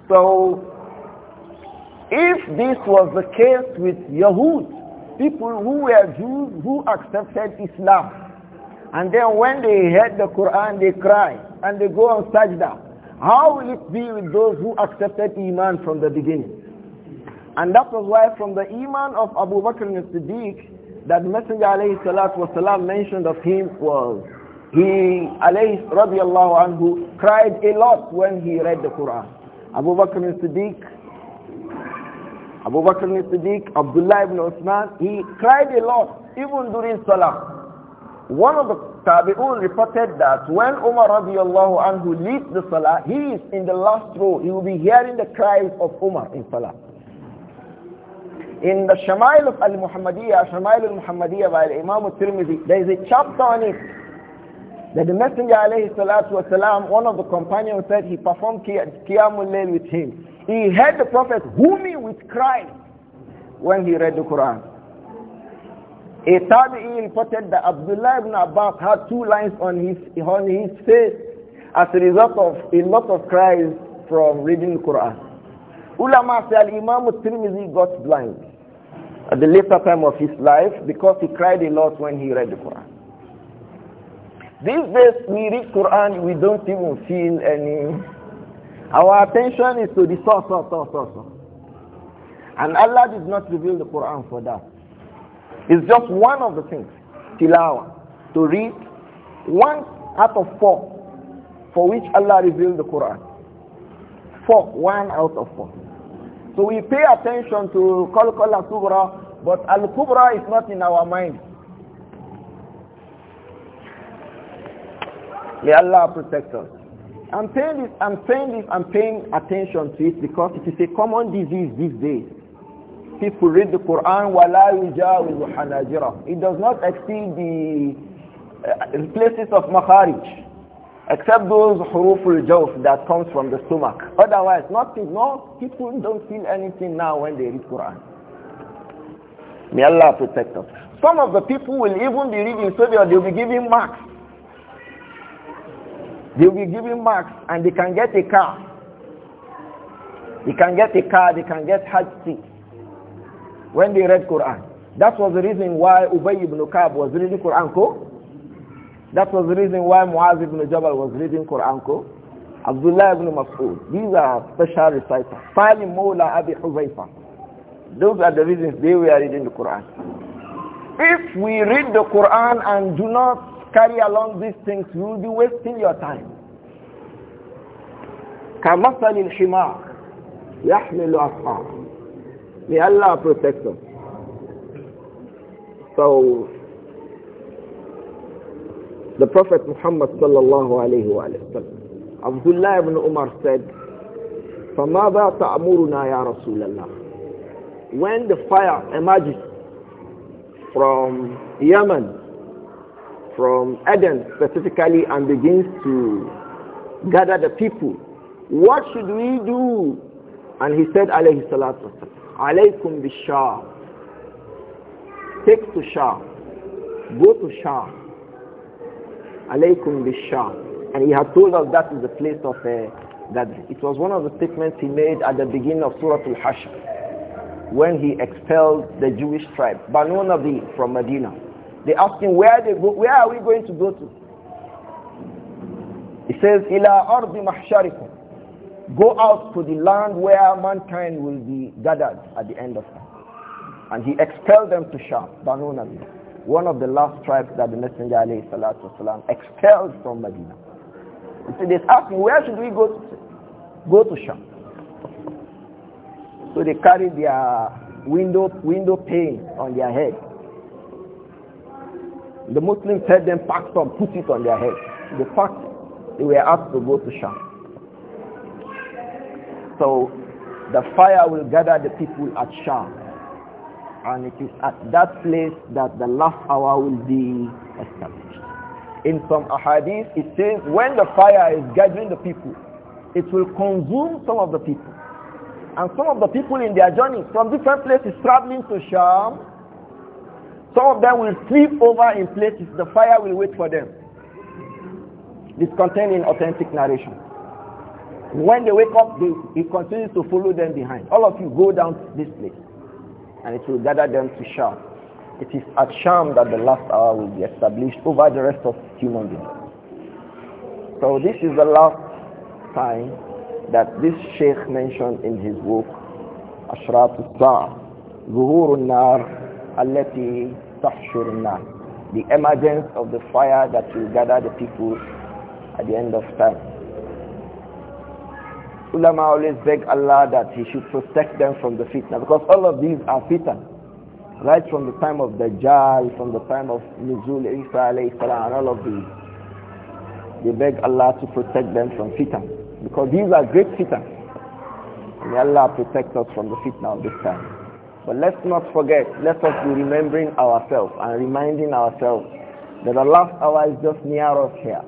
Speaker 1: So, if this was the case with Yahud, people who were Jews who accepted Islam, and then when they heard the Quran, they cried and they go on sajda. How will it be with those who accepted Iman from the beginning? And that was why from the Iman of Abu Bakr as-Siddiq that Messenger alayhi salatu wasalam mentioned of him was he alayhi radiallahu anhu cried a lot when he read the Quran. Abu Bakr as-Siddiq Abu Bakr as-Siddiq, Abdullah ibn Osman, he cried a lot even during Salah. One of the Tabi'un reported that when Umar radiallahu anhu leads the salah, he is in the last row. He will be hearing the cries of Umar in salah. In the Shama'il of Al-Muhammadiyah, Shama'il Al-Muhammadiyah by Imam Al-Tirmidhi, there is a chapter on it. That the Messenger alayhi salatu wasalam, one of the companions said he performed Qiyamul Layl with him. He heard the Prophet whooming with cries when he read the Quran. A tabi'i reported that Abdullah ibn Abbas had two lines on his, on his face as a result of a lot of cries from reading the Quran. Ulama said Imam al-Tirmidhi got blind at the later time of his life because he cried a lot when he read the Quran. These days we read Quran, we don't even feel any. Our attention is to the source, source, source, source. And Allah did not reveal the Quran for that. It's just one of the things. Tilawa. To read one out of four for which Allah revealed the Quran. Four. One out of four. So we pay attention to Qalqal al-Kubra, but al-Kubra is not in our mind. May Allah protect us. I'm saying this, I'm saying this, I'm paying attention to it because it is a common disease these days people read the Quran, وَلَا يُجَاوِزُ حَنَاجِرَ It does not exceed the uh, places of makharij, except those huruful jawf that comes from the stomach. Otherwise, nothing, no, people don't feel anything now when they read Quran. May Allah protect us. Some of the people will even be reading Savior, they'll be giving marks. They'll be giving marks and they can get a car. They can get a car, they can get hard seats when they read Quran. That was the reason why Ubay ibn Ka'b was reading Quran ko. That was the reason why Muaz ibn Jabal was reading Quran ko. Abdullah ibn Mas'ud. These are special reciters. Fali Mawla Abi Huzaifa. Those are the reasons they were reading the Quran. If we read the Quran and do not carry along these things, you will be wasting your time. كمثل الحمار يحمل أسفاره May Allah protect us. So, the Prophet Muhammad sallallahu alayhi wa sallam, Abdullah ibn Umar said, فَمَاذَا تَأْمُرُنَا يَا رَسُولَ اللَّهِ When the fire emerges from Yemen, from Eden specifically, and begins to gather the people, what should we do? And he said, alayhi salatu wasalam, alaykum bisham. Take to Sham. Go to Sham. And he had told us that is the place of uh, that It was one of the statements he made at the beginning of Surah Al-Hashr when he expelled the Jewish tribe, Banu Nabi from Medina. They asked him, where, they go, where are we going to go to? He says, إِلَىٰ أَرْضِ مَحْشَرِكُمْ Go out to the land where mankind will be gathered at the end of time. And he expelled them to Sham, Banu Nabi, one of the last tribes that the Messenger والسلام, expelled from Medina. So they asked me, where should we go to? Go to Sham. So they carried their window, window pane on their head. The Muslims had them pack some, put it on their head. They packed, they were asked to go to Sham. So the fire will gather the people at Shah. And it is at that place that the last hour will be established. In some ahadith, it says when the fire is gathering the people, it will consume some of the people. And some of the people in their journey from different places traveling to Sham, some of them will sleep over in places the fire will wait for them. This contained in authentic narration. When they wake up, they, it continues to follow them behind. All of you go down to this place. And it will gather them to Sham. It is at Sham that the last hour will be established over the rest of human beings. So this is the last time that this sheikh mentioned in his book, Ashraf الساعة ظهور the emergence of the fire that will gather the people at the end of time Ulama always beg Allah that he should protect them from the fitna because all of these are fitna Right from the time of Dajjal, from the time of Nuzul Isa alayhi salam, and all of these. They beg Allah to protect them from fitna because these are great fitna. May Allah protect us from the fitna of this time. But let's not forget, let us be remembering ourselves and reminding ourselves that the last hour is just near us here.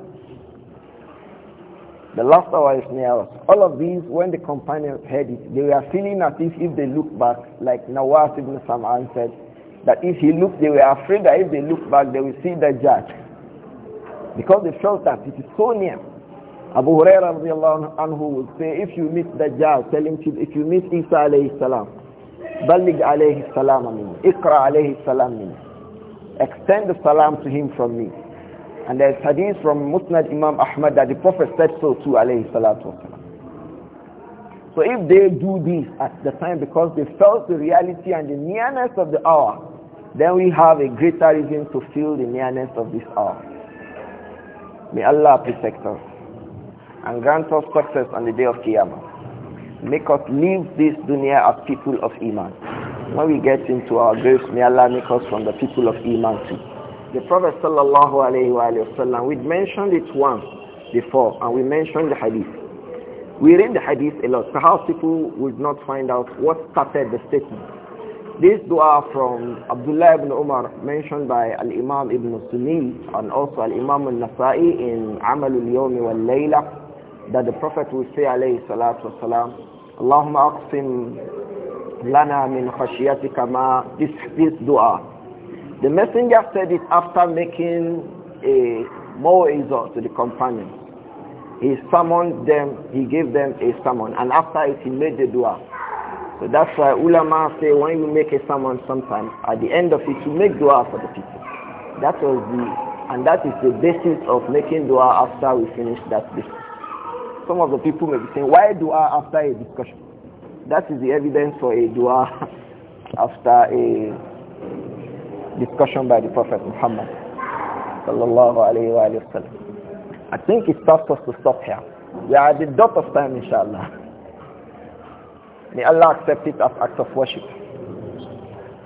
Speaker 1: The last hour is near us. All of these, when the companions heard it, they were feeling as if if they look back, like Nawas ibn Sam'an said, that if he looked, they were afraid that if they look back, they will see the judge. Because they felt that it is so near. Abu Hurairah anhu would say, if you meet Dajjal, tell him, to, if you meet Isa alayhi salam, balig alayhi salam amin, ikra alayhi salam amin. Extend the salam to him from me. And there's hadith from Musnad Imam Ahmad that the Prophet said so too, alayhi salatu So if they do this at the time because they felt the reality and the nearness of the hour, then we have a greater reason to feel the nearness of this hour. May Allah protect us and grant us success on the day of Qiyamah. Make us leave this dunya as people of Iman. When we get into our graves, may Allah make us from the people of Iman too. The Prophet sallallahu alayhi wa we mentioned it once before and we mentioned the hadith. We read the hadith a lot. Perhaps people would not find out what started the statement. This dua from Abdullah ibn Umar mentioned by Al-Imam ibn Sunni and also Al-Imam al-Nasai in Amal al-Yawm wal-Layla that the Prophet would say alayhi salatu wasalam, Allahumma aqsim lana min khashiyatika ma, this, this dua the messenger said it after making a mo'izah to the companions. He summoned them, he gave them a summon, and after it he made the dua. So that's why ulama say when you make a summon sometimes, at the end of it you make dua for the people. That was the, and that is the basis of making dua after we finish that discussion. Some of the people may be saying, why dua after a discussion? That is the evidence for a dua after a discussion by the Prophet Muhammad I think it's tough for us to stop here. We are at the dot of time, inshallah. May Allah accept it as acts of worship.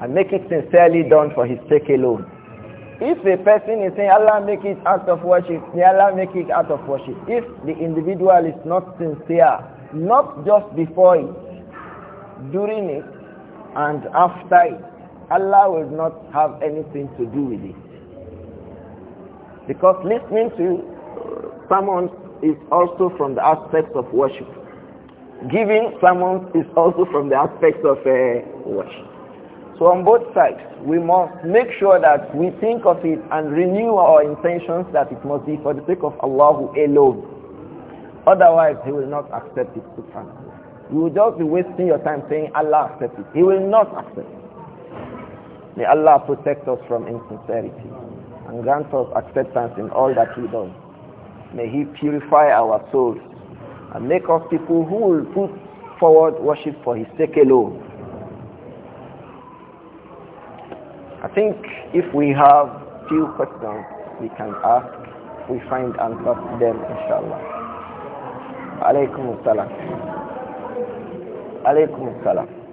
Speaker 1: And make it sincerely done for his sake alone. If a person is saying, Allah make it out of worship, may Allah make it out of worship. If the individual is not sincere, not just before it, during it, and after it, Allah will not have anything to do with it. Because listening to someone is also from the aspects of worship. Giving someone is also from the aspects of uh, worship. So on both sides, we must make sure that we think of it and renew our intentions that it must be for the sake of Allah alone. Otherwise, He will not accept it. You will just be wasting your time saying Allah accept it. He will not accept it. May Allah protect us from insincerity and grant us acceptance in all that we do. May He purify our souls and make us people who will put forward worship for His sake alone. I think if we have few questions we can ask, we find answers to them, inshallah. Alaykum as-salam. Alaykum as-salam.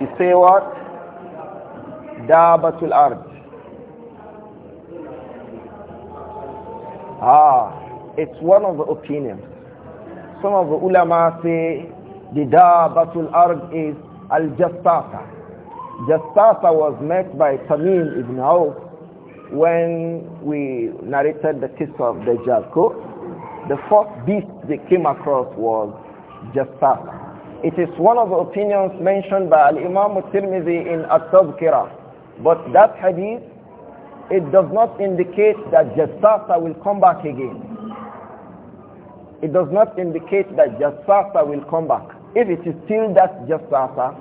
Speaker 1: You say what? Dabatul Ard. Ah, it's one of the opinions. Some of the ulama say the Dabatul Ard is Al-Jassasa. Jassasa was met by Tamim ibn Auf when we narrated the case of the Jalko. The first beast they came across was Jassasa. It is one of the opinions mentioned by imam al-Tirmidhi in At-Tadhkirah. But that hadith, it does not indicate that Jassasa will come back again. It does not indicate that Jassasa will come back. If it is still that Jassasa,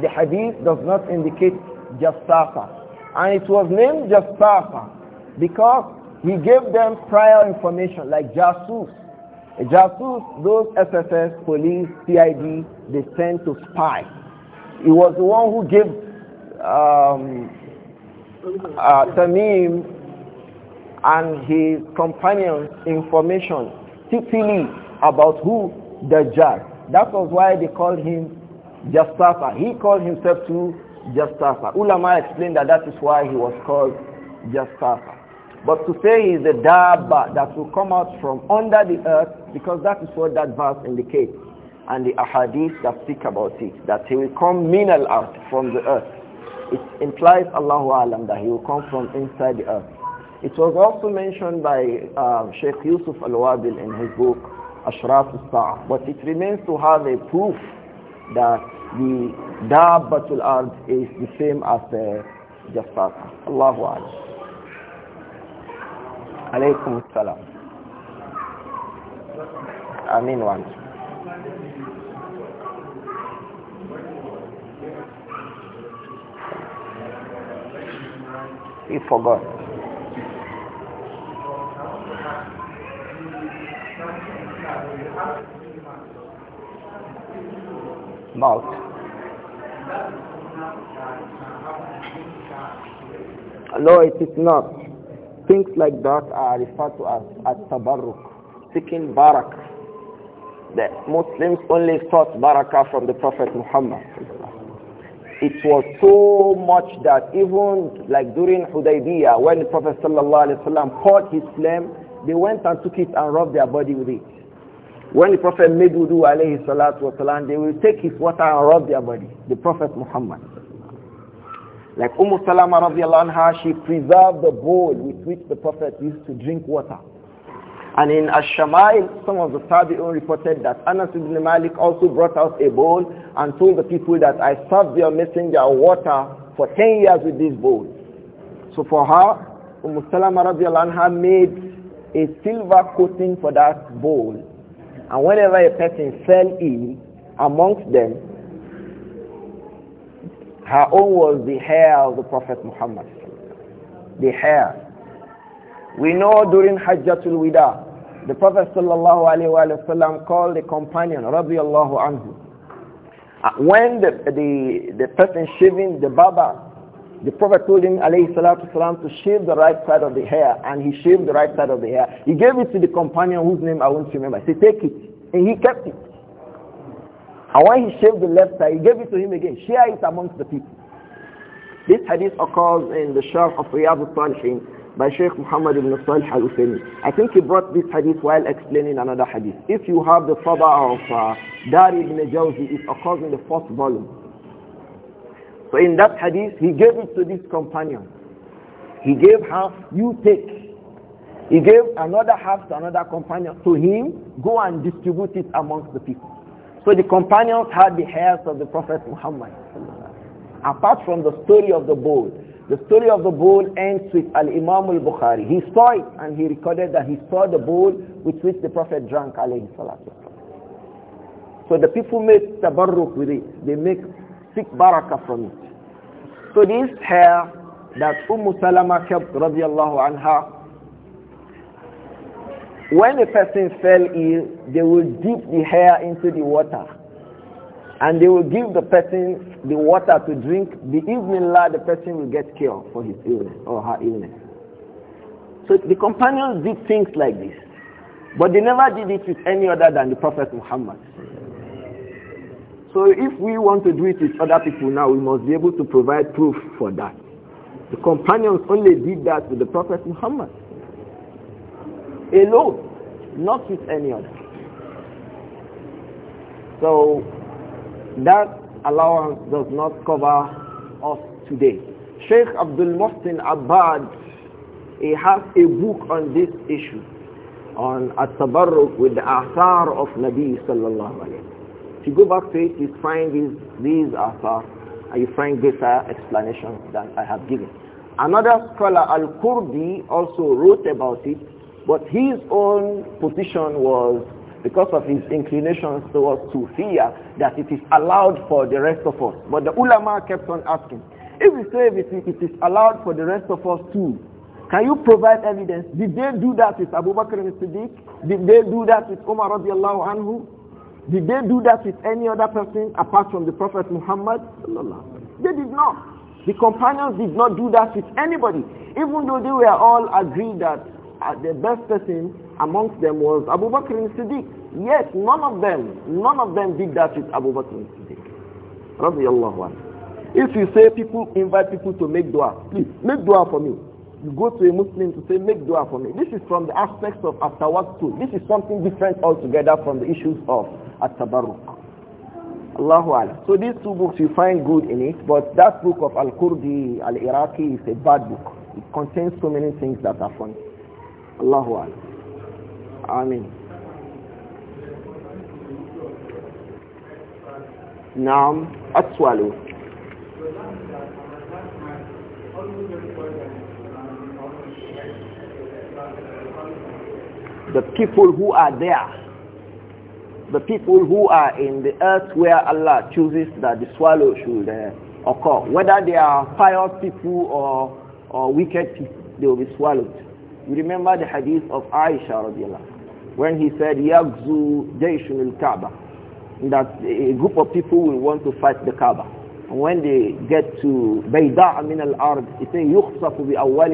Speaker 1: the hadith does not indicate Jassasa. And it was named Jassasa because he gave them prior information like Jassus. Jasus, those SSS, police, CID, they sent to spy. He was the one who gave um, uh, Tamim and his companions information secretly about who the judge. That was why they called him Justafa. He called himself to Justafa. Ulama explained that that is why he was called Justafa. But to say is a dabba that will come out from under the earth because that is what that verse indicates and the ahadith that speak about it that he will come mineral out from the earth. It implies Allahu alam that he will come from inside the earth. It was also mentioned by uh, Sheikh Yusuf al-Wabil in his book Ashraf al-Sa'ah but it remains to have a proof that the dabbatul ard is the same as the jasasa. Allahu alam. Alaykum salam. I mean one. He forgot.
Speaker 2: Mouth. No,
Speaker 1: it is not. Things like that are referred to as at-tabarruk, seeking barak. The Muslims only sought barakah from the Prophet Muhammad. It was so much that even like during Hudaybiyah, when the Prophet ﷺ poured his flame, they went and took it and rubbed their body with it. When the Prophet made wudu they will take his water and rub their body. The Prophet Muhammad. Like Umm Salama radiallahu anha, she preserved the bowl with which the Prophet used to drink water. And in Ash-Shama'il, some of the Tabi'un reported that Anas ibn Malik also brought out a bowl and told the people that I served your messenger water for 10 years with this bowl. So for her, Umm Salama radiallahu anha made a silver coating for that bowl. And whenever a person fell ill amongst them, her own was the hair of the Prophet Muhammad. The hair. We know during Hajjatul Wida, the Prophet wasallam called a companion, radiallahu anhu. Uh, when the, the, the person shaving the barber, the Prophet told him, والسلام, to shave the right side of the hair, and he shaved the right side of the hair. He gave it to the companion whose name I won't remember. He said, take it. And he kept it. And when he shaved the left side, he gave it to him again. Share it amongst the people. This hadith occurs in the Sharh of Riyadh al-Salihin by Sheikh Muhammad ibn Salih al-Uthaymeen. I think he brought this hadith while explaining another hadith. If you have the father of uh, Dari ibn Jawzi, it occurs in the fourth volume. So in that hadith, he gave it to this companion. He gave half, you take. He gave another half to another companion. To him, go and distribute it amongst the people. So the companions had the hairs of the Prophet Muhammad. Apart from the story of the bowl, the story of the bowl ends with Al-Imam al-Bukhari. He saw it and he recorded that he saw the bowl with which the Prophet drank So the people make tabarruk with it. They make sick barakah from it. So this hair that Umm Salama kept radiallahu anha when a person fell ill, they will dip the hair into the water. And they will give the person the water to drink. The evening la, the person will get cured for his illness or her illness. So the companions did things like this. But they never did it with any other than the Prophet Muhammad. So if we want to do it with other people now, we must be able to provide proof for that. The companions only did that with the Prophet Muhammad alone, not with any other. So that allowance does not cover us today. Sheikh Abdul Muhsin Abad, he has a book on this issue, on At-Tabarruk with the Athar of Nabi Sallallahu Alaihi Wasallam. If you go back to it, you find these, these Athar, and you find better explanations than I have given. Another scholar, Al-Kurdi, also wrote about it but his own position was because of his inclinations towards fear that it is allowed for the rest of us. But the ulama kept on asking, if we say it, it is allowed for the rest of us too, can you provide evidence? Did they do that with Abu Bakr and Siddiq? Did they do that with Umar radiallahu anhu? Did they do that with any other person apart from the Prophet Muhammad? They did not. The companions did not do that with anybody, even though they were all agreed that uh, the best person amongst them was Abu Bakr Siddiq. Yet none of them, none of them did that with Abu Bakr Siddiq. Radiallahu anhu. If you say people invite people to make dua, please make dua for me. You go to a Muslim to say make dua for me. This is from the aspects of too. This is something different altogether from the issues of atabarruk. Allahu Ala. So these two books you find good in it, but that book of Al-Kurdi, Al-Iraqi is a bad book. It contains so many things that are funny. Allahu Akbar. Amen. Naam Atwalu. The people who are there, the people who are in the earth where Allah chooses that the swallow should uh, occur, whether they are pious people or, or wicked people, they will be swallowed. You remember the hadith of Aisha radiallahu when he said, Yagzu Jayshun al-Kaaba, that a group of people will want to fight the Kaaba. And when they get to Bayda' min al-Ard, it says, يُخْصَفُ wa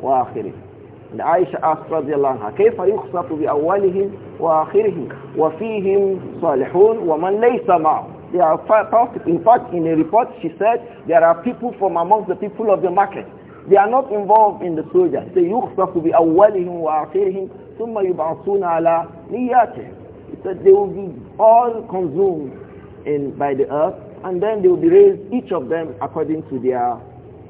Speaker 1: وَآخِرِهِمْ and Aisha asked رضي الله عنها كيف يخصف بأولهم وآخرهم وفيهم صالحون ومن ليس معه They are in fact in a report she said there are people from amongst the people of the market they are not involved in the soldier. So يُخْصَفُ بِأَوَّلِهِمْ وَآخِرِهِمْ ثُمَّ يُبْعَثُونَ عَلَى نِيَّاتِهِمْ He said they will be all consumed in, by the earth and then they will be raised, each of them according to their,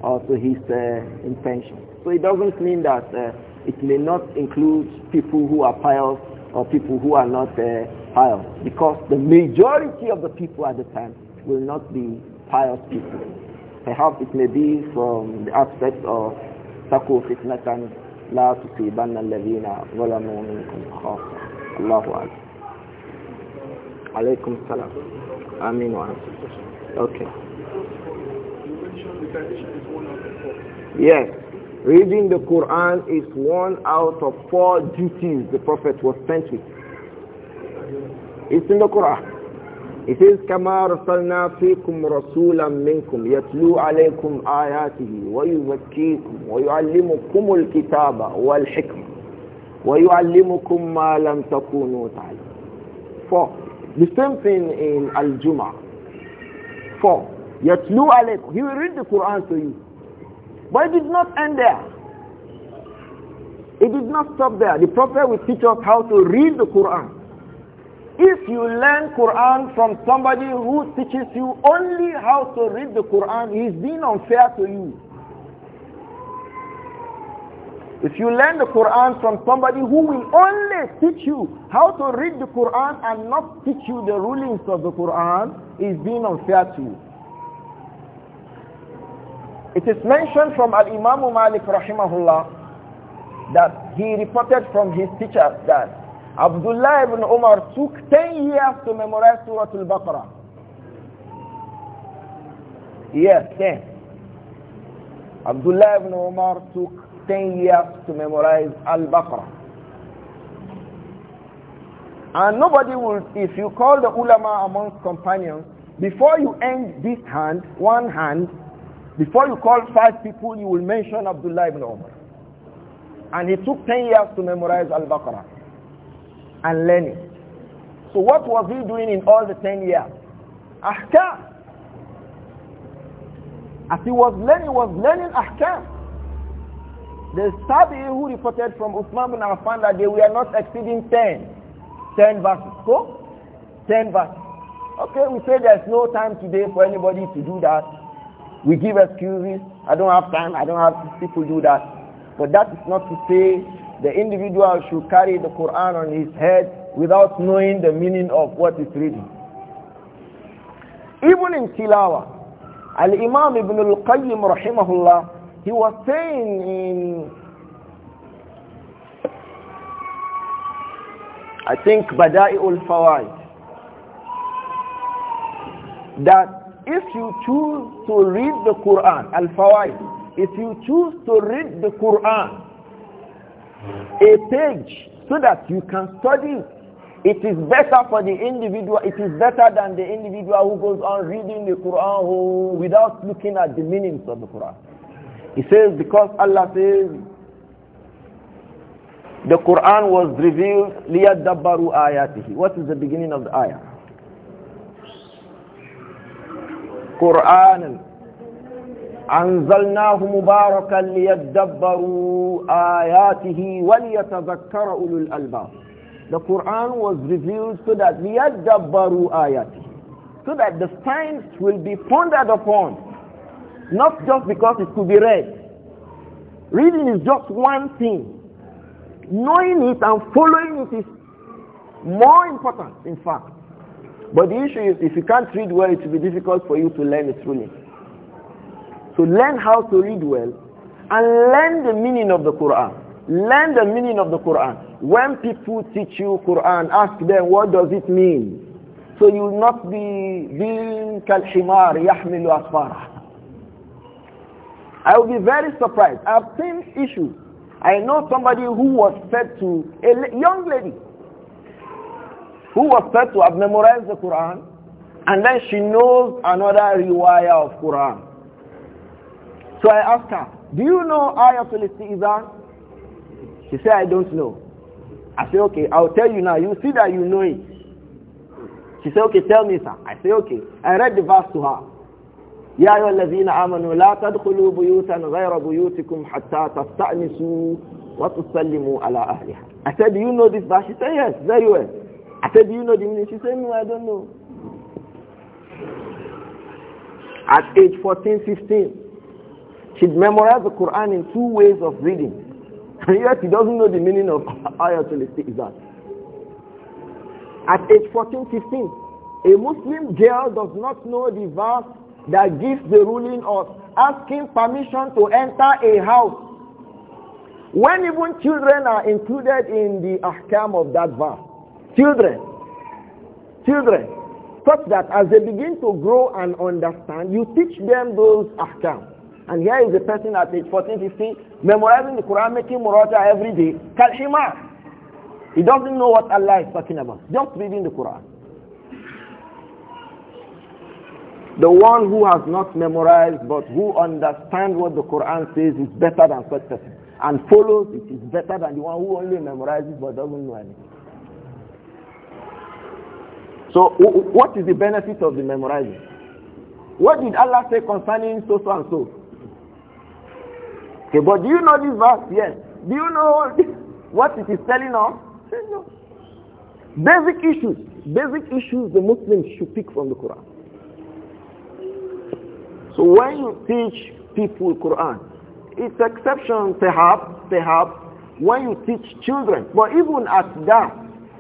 Speaker 1: uh, to his uh, intention. So it doesn't mean that uh, it may not include people who are pious or people who are not uh, pious because the majority of the people at the time will not be pious people. Perhaps it may be from the aspect of تَقُوا فِتْنَةً la تُصِيبَنَّ الَّذِينَ ظَلَمُوا مِنْكُمْ خَاصَّةً الله أعلم alaikum salam. Amin wa Okay. Yes. Reading the Quran is one out of four duties the Prophet was sent with. It's in the Quran. It is كما رسلنا فيكم رسولا منكم يتلو عليكم آياته ويزكيكم ويعلمكم الكتاب والحكمة ويعلمكم ما لم تكونوا تعلمون. Four. The same thing in Al-Jum'ah. Four. يتلو عليكم. He will read the Quran to you. But it did not end there. It did not stop there. The Prophet will teach us how to read the Quran. If you learn Quran from somebody who teaches you only how to read the Quran, he's being unfair to you. If you learn the Quran from somebody who will only teach you how to read the Quran and not teach you the rulings of the Quran, is being unfair to you. It is mentioned from Al-Imam Malik rahimahullah that he reported from his teacher that Abdullah ibn Umar took 10 years to memorize Surah Al-Baqarah. Yes, 10. Abdullah ibn Umar took 10 years to memorize Al-Baqarah. And nobody will, if you call the ulama among companions, before you end this hand, one hand, before you call five people, you will mention Abdullah ibn Umar. And he took 10 years to memorize Al-Baqarah and learning. So what was he doing in all the 10 years? Ahkam. As he was learning, he was learning ahkam. The Sabi who reported from Uthman bin Affan that they were not exceeding 10. 10 verses. Go. 10 verses. Okay, we say there's no time today for anybody to do that. We give excuses. I don't have time. I don't have people do that. But that is not to say the individual should carry the Quran on his head without knowing the meaning of what is reading. Even in Tilawa, Al-Imam Ibn Al-Qayyim rahimahullah, he was saying in, I think, Bada'i'ul Fawaid, that if you choose to read the Quran, Al-Fawaid, if you choose to read the Quran a page so that you can study it is better for the individual it is better than the individual who goes on reading the quran who, without looking at the meanings of the quran he says because allah says the quran was revealed liyadabbaru ayatihi what is the beginning of the ayah quran أنزلناه مباركا ليدبروا آياته وليتذكر أولو الألباب The Quran was revealed so that ليدبروا آياته so that the signs will be pondered upon not just because it could be read reading is just one thing knowing it and following it is more important in fact but the issue is if you can't read well it will be difficult for you to learn its ruling so learn how to read well and learn the meaning of the Quran. Learn the meaning of the Quran. When people teach you Quran, ask them what does it mean. So you will not be being kalhimar yahmilu asfarah. I will be very surprised. I have seen issues. I know somebody who was fed to a young lady who was said to have memorized the Quran and then she knows another riwayah of Quran. So I asked her, do you know Ayatul Istizan? She said, I don't know. I said, okay, I'll tell you now. You see that you know it. She said, okay, tell me, sir. I said, okay. I read the verse to her. يا أيها الذين آمنوا لا تدخلوا بيوتا غير بيوتكم حتى تستأنسوا وتسلموا على أهلها. I said, do you know this verse? She said, yes, very well. I said, do you know the meaning? She said, no, I don't know. At age 14, 15, She'd memorize the Quran in two ways of reading. And yet she doesn't know the meaning of Ayatul Istizat. At age 14, 15, a Muslim girl does not know the verse that gives the ruling of asking permission to enter a house. When even children are included in the ahkam of that verse. Children. Children. Such that as they begin to grow and understand, you teach them those ahkam. And here is a person at age 14, 15, memorizing the Quran, making murata every day. Kalhima. He doesn't know what Allah is talking about. Just reading the Quran. The one who has not memorized but who understands what the Quran says is better than such person. And follows it is better than the one who only memorizes but doesn't know anything. So what is the benefit of the memorizing? What did Allah say concerning so, so and so? Okay, but do you know this verse? Yes. Do you know what it is telling us? No. Basic issues. Basic issues the Muslims should pick from the Quran. So when you teach people Quran, it's exception perhaps, perhaps, when you teach children. But even at that,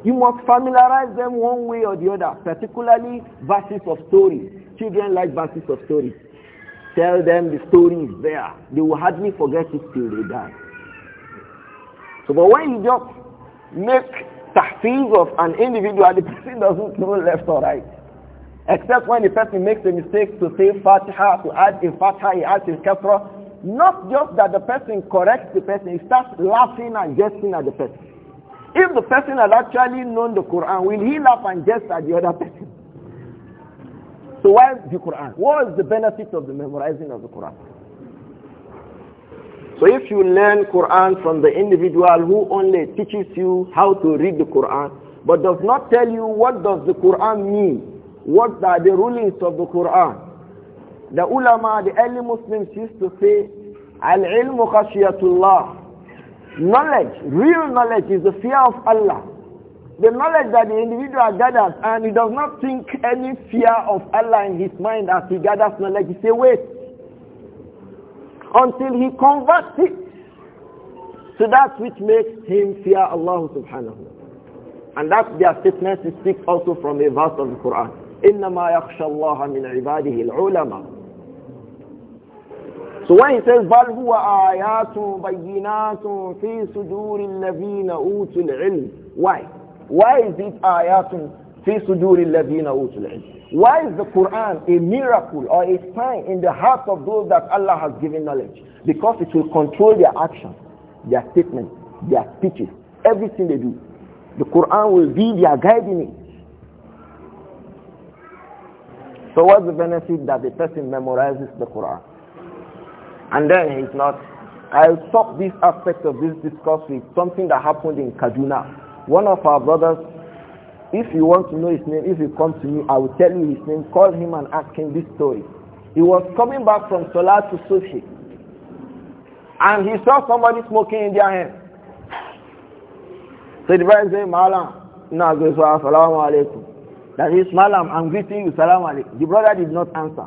Speaker 1: you must familiarize them one way or the other, particularly verses of stories. Children like verses of stories. Tell them the story is there. They will hardly forget it till they die. So, but when you just make tahfiz of an individual, the person doesn't know left or right. Except when the person makes a mistake to say fatiha, to add in fatiha, he adds a kafra. Not just that the person corrects the person, he starts laughing and jesting at the person. If the person had actually known the Quran, will he laugh and jest at the other person? So why the Quran? What is the benefit of the memorizing of the Quran? So if you learn Quran from the individual who only teaches you how to read the Quran, but does not tell you what does the Quran mean, what are the rulings of the Quran. The ulama, the early Muslims used to say, Al-ilmu khashiyatullah. Knowledge, real knowledge is the fear of Allah the knowledge that the individual gathers and he does not think any fear of Allah in his mind as he gathers knowledge is a waste until he converts it to that which makes him fear Allah subhanahu wa ta'ala. And that their statement is speaks also from a verse of the Quran. إِنَّمَا يَخْشَى اللَّهَ مِنْ عِبَادِهِ الْعُلَمَا So when he says, بَلْ هُوَ آيَاتٌ بَيِّنَاتٌ فِي سُجُورِ الَّذِينَ أُوتُوا الْعِلْمِ Why? Why is it ayatun fi suduri levina utul Why is the Quran a miracle or a sign in the hearts of those that Allah has given knowledge? Because it will control their actions, their statements, their speeches, everything they do. The Quran will be their guiding it. So what's the benefit that the person memorizes the Quran? And then he's not. I'll stop this aspect of this discourse with something that happened in Kaduna one of our brothers, if you want to know his name, if you come to me, I will tell you his name. Call him and ask him this story. He was coming back from Salah to Sushi. And he saw somebody smoking in their hand. So the brother said, Malam, no, alaikum. That is, Malam, I'm greeting you, salamu alaikum. The brother did not answer.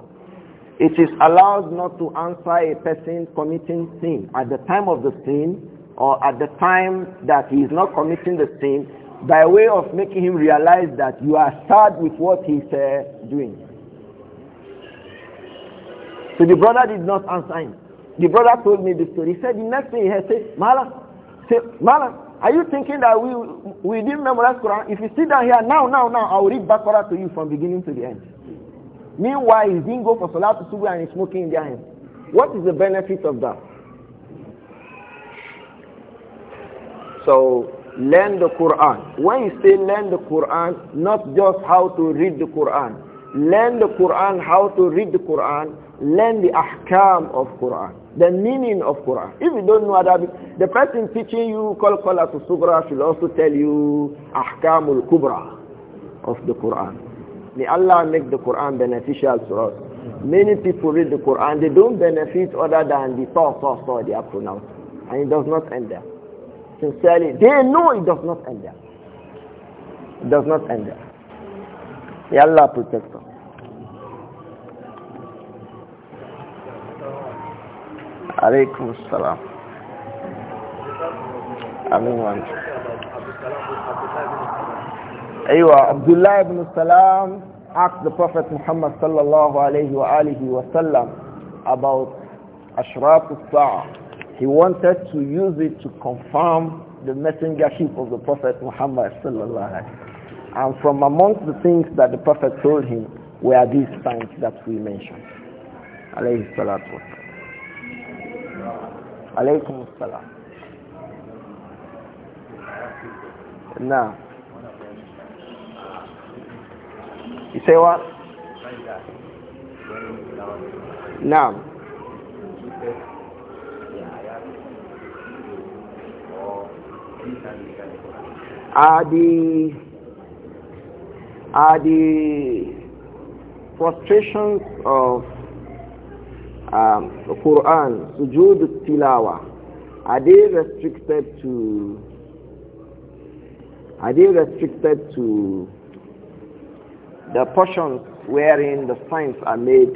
Speaker 1: It is allowed not to answer a person committing sin. At the time of the sin, or at the time that he is not committing the sin by way of making him realize that you are sad with what he's uh, doing. So the brother did not answer him. The brother told me the story. He said the next thing he had said, Mala, say, Mala, are you thinking that we we didn't memorize Quran? If you sit down here now, now, now, I'll read Baqarah to you from beginning to the end. Meanwhile, he didn't go for salah to Subuh and he's smoking in their hand. What is the benefit of that? So learn the Quran. When you say learn the Quran, not just how to read the Quran. Learn the Quran, how to read the Quran. Learn the ahkam of Quran, the meaning of Quran. If you don't know Arabic, the person teaching you call Qala to Sugra should also tell you ahkamul kubra of the Quran. May Allah make the Quran beneficial to us. Many people read the Quran, they don't benefit other than the thought, thought, thought they are pronounced. And it does not end there sincerely, they know it does not end there. It does not end there. May Allah protect them. Alaykum salam. Amin Aywa, Abdullah ibn Salam asked the Prophet Muhammad sallallahu alayhi wa alihi wa sallam about Ashraf al-Sa'ah he wanted to use it to confirm the messengership of the Prophet Muhammad sallallahu And from amongst the things that the Prophet told him were these signs that we mentioned. Alayhi salatu Alaykum salam.
Speaker 2: Now, you say what? Now.
Speaker 1: Are the, are the frustrations of um, the Quran, sujood tilawa, are they restricted to are they restricted to the portions wherein the signs are made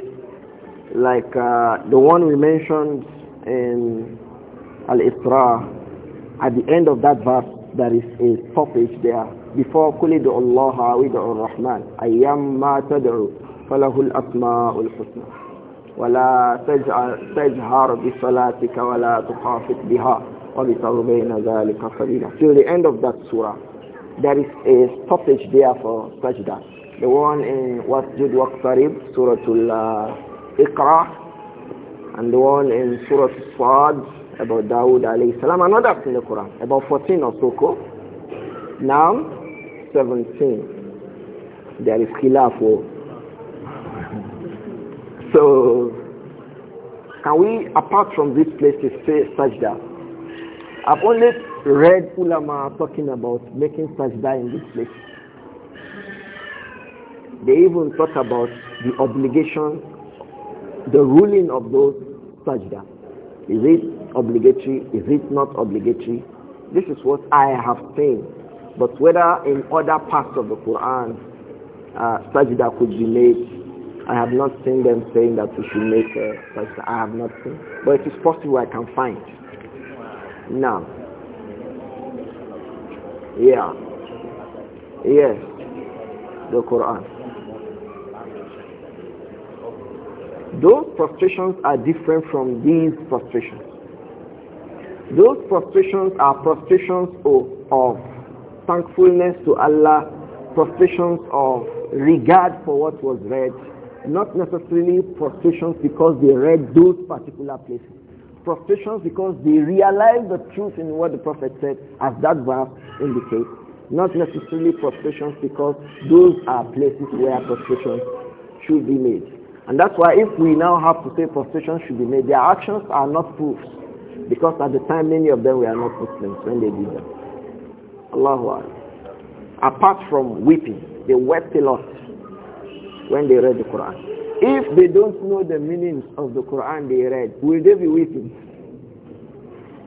Speaker 1: like uh, the one we mentioned in Al-Isra at the end of that verse, there is a stoppage there. Before قُلِ دُعُ اللَّهَ وَدُعُ الرَّحْمَنِ أَيَّمْ مَا تَدْعُ فَلَهُ الْأَسْمَاءُ الْحُسْنَى وَلَا تَجْهَرْ بِصَلَاتِكَ وَلَا تُخَافِتْ بِهَا وَبِتَرْ بَيْنَ ذَلِكَ سَبِيلًا Till the end of that surah, there is a stoppage there for sajda. The one in وَاسْجُدْ وَاقْتَرِبْ Surah Al-Iqra and the one in Surah Al-Sad about Dawood alayhi salam, another in the Quran, about 14 or so. Ko. Now, 17. There is khilaf. Oh. So, can we, apart from place to say sajda? I've only read ulama talking about making sajda in this place. They even talk about the obligation, the ruling of those sajda. Is it obligatory? Is it not obligatory? This is what I have seen. But whether in other parts of the Quran, uh, sajda could be made, I have not seen them saying that we should make a sajda. I have not seen. But it is possible I can find.
Speaker 2: Now. Yeah. Yes. The Quran. Those
Speaker 1: prostrations are different from these prostrations. Those prostrations are prostrations of, of thankfulness to Allah, prostrations of regard for what was read, not necessarily prostrations because they read those particular places. Prostrations because they realize the truth in what the Prophet said, as that verse indicates. Not necessarily prostrations because those are places where prostrations should be made. And that's why if we now have to say prostrations should be made, their actions are not proofs. Because at the time, many of them were not Muslims when they did that. Allahu Apart from weeping, they wept a lot when they read the Quran. If they don't know the meanings of the Quran they read, will they be weeping?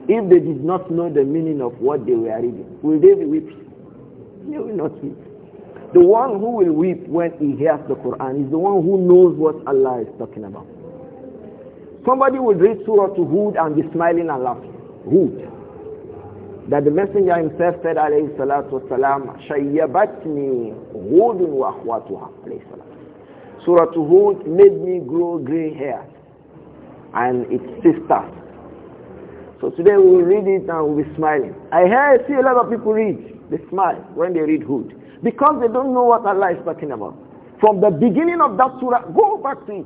Speaker 1: If they did not know the meaning of what they were reading, will they be weeping? They will not weep. The one who will weep when he hears the Quran is the one who knows what Allah is talking about. Somebody would read Surah to Hud and be smiling and laughing. Hud. That the messenger himself said, alayhi salatu wasalam, shayyabatni Hudun wa akhwatuha, alayhi salatu. Surah to Hud made me grow gray hair and its sister. So today we will read it and we'll be smiling. I hear, I see a lot of people read. They smile when they read Hud. Because they don't know what Allah is talking about. From the beginning of that surah, go back to it.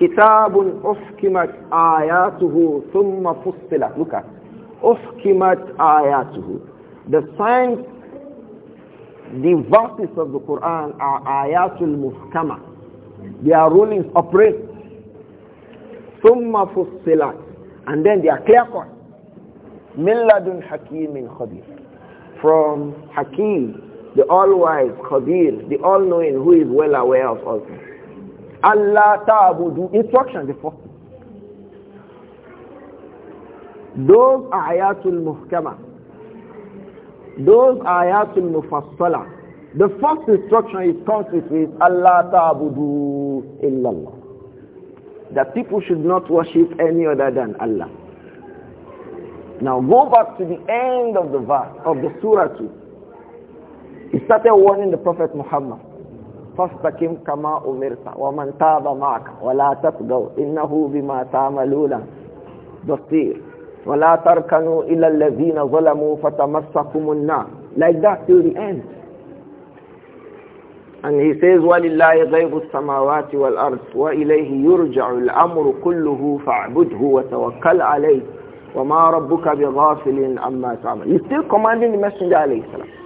Speaker 1: Kitabun أحكمت آياته thumma فصلت Look at أحكمت آياته The signs the verses of the Quran are ayatul muhkama They are rulings operate thumma فصلت And then they are clear cut من hakimin khabir. From Hakim, the all-wise, Khabir, the all-knowing who is well aware of all things. Allah ta'budu instruction before. Those ayatul muhkama. Those ayatul mufassala. The first instruction is comes with Allah ta'budu illallah. That people should not worship any other than Allah. Now go back to the end of the verse of the surah. Too. He started warning the Prophet Muhammad فاستقم كما أمرت ومن تاب معك ولا تطغوا إنه بما تعملون بصير ولا تركنوا إلى الذين ظلموا فتمسكم النار like that till the end And he says, وَلِلَّهِ غَيْبُ السَّمَاوَاتِ وَالْأَرْضِ وَإِلَيْهِ يُرْجَعُ الْأَمْرُ كُلُّهُ فَاعْبُدْهُ وَتَوَكَّلْ عَلَيْهِ وَمَا رَبُّكَ بِغَافِلٍ عَمَّا تَعْمَلُ He's still commanding the Messenger عليه السلام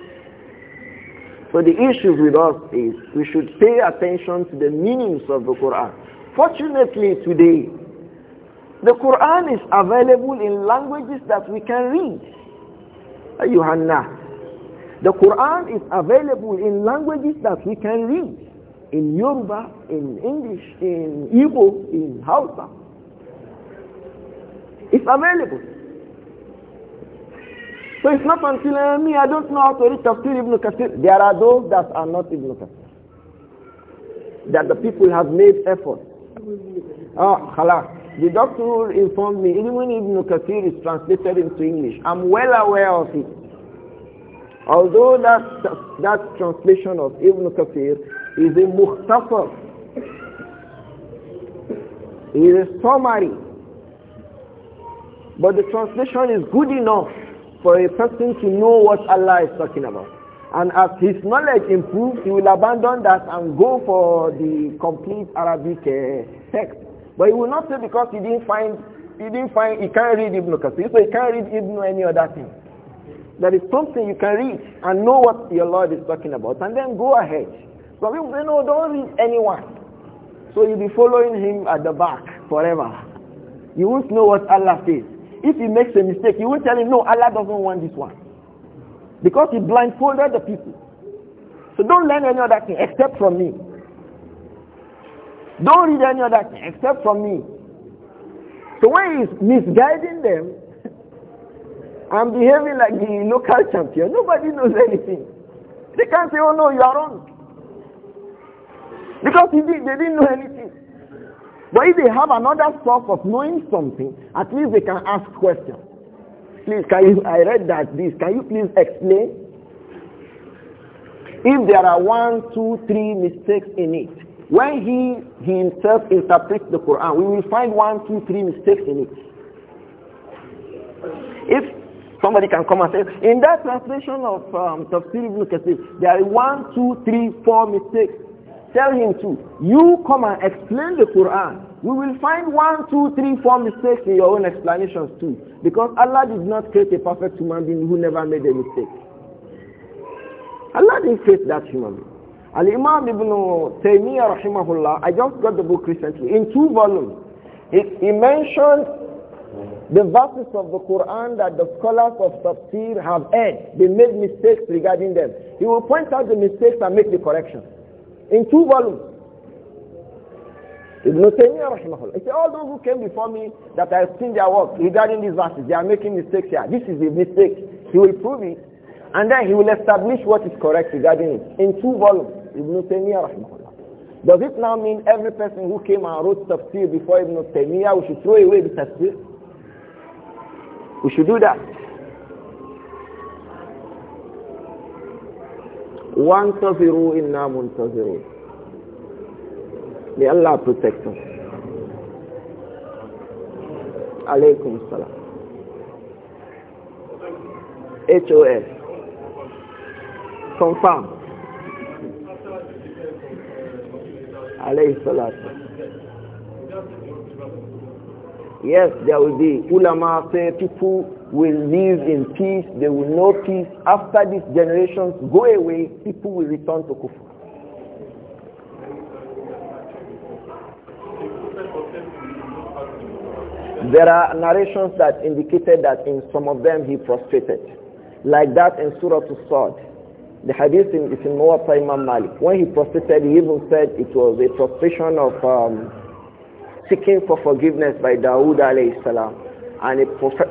Speaker 1: So the issue with us is we should pay attention to the meanings of the Quran. Fortunately today, the Quran is available in languages that we can read. Ayuhanna. The Quran is available in languages that we can read. In Yoruba, in English, in Igbo, in Hausa. It's available. So it's not until uh, me, I don't know how to read Tafsir Ibn Kathir. There are those that are not Ibn Kathir. That the people have made effort. Ah, oh, hala. The doctor informed me, even Ibn Kathir is translated into English, I'm well aware of it. Although that, that translation of Ibn Kathir is a mukhtasar, It is a summary, but the translation is good enough for a person to know what Allah is talking about. And as his knowledge improves, he will abandon that and go for the complete Arabic uh, text. But he will not say because he didn't find, he didn't find, he can't read Ibn Kathir, so he can't read Ibn any other thing. There is something you can read and know what your Lord is talking about, and then go ahead. So we say, no, don't read anyone. So you'll be following him at the back forever. You won't know what Allah says if he makes a mistake, he will tell him, no, Allah doesn't want this one. Because he blindfolded the people. So don't learn any other thing except from me. Don't read any other thing except from me. So when he's misguiding them, I'm behaving like the local champion. Nobody knows anything. They can't say, oh no, you are wrong. Because he did, they didn't know anything. But if they have another source of knowing something, at least they can ask questions. Please, can you, I read that this, can you please explain? If there are one, two, three mistakes in it, when he, he himself interprets the Quran, we will find one, two, three mistakes in it. If somebody can come and say, in that translation of um, Tafsir ibn Kathir, there are one, two, three, four mistakes. Tell him to. You come and explain the Quran. We will find one, two, three, four mistakes in your own explanations too. Because Allah did not create a perfect human being who never made a mistake. Allah didn't create that human being. Al-Imam Ibn Taymiyyah rahimahullah, I just got the book recently, in two volumes. He, he mentioned the verses of the Quran that the scholars of tafsir have erred. They made mistakes regarding them. He will point out the mistakes and make the corrections in two volumes. Ibn Taymiyyah rahimahullah. He all those who came before me that I have seen their work regarding these verses, they are making mistakes here. This is a mistake. He will prove it. And then he will establish what is correct regarding it in two volumes. Ibn Taymiyyah rahimahullah. Does it now mean every person who came and wrote tafsir before Ibn Taymiyyah, we should throw away the tafsir? We should do that. وَانْتَظِرُوا إِنَّا مُنْتَظِرُونَ May Allah protect us. Alaykum salam. HOS. Confirm. Alaykum salam. Yes, there will be ulama, say people will live in peace, they will know peace. After these generations go away, people will return to Kufr. There are narrations that indicated that in some of them he prostrated. Like that in Surah Al-Sad. The hadith in, is in Muwatta Imam Malik. When he prostrated, he even said it was a prostration of um, seeking for forgiveness by Dawood alayhi salam and a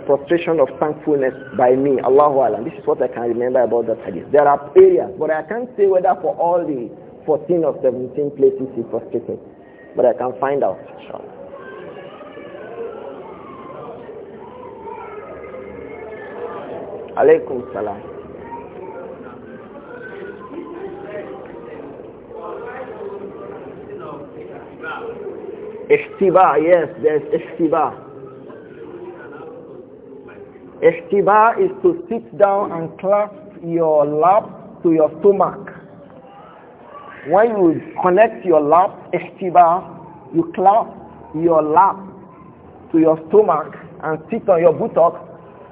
Speaker 1: prostration of thankfulness by me. Allahu Alam. This is what I can remember about that hadith. There are areas, but I can't say whether for all the 14 or 17 places he prostrated. But I can find out, Shalom. Alaykum salam. Ihtiba, yes, there's ihtiba. Ihtiba is to sit down and clasp your lap to your stomach. When you connect your lap, ihtiba, you clasp your lap to your stomach and sit on your buttocks.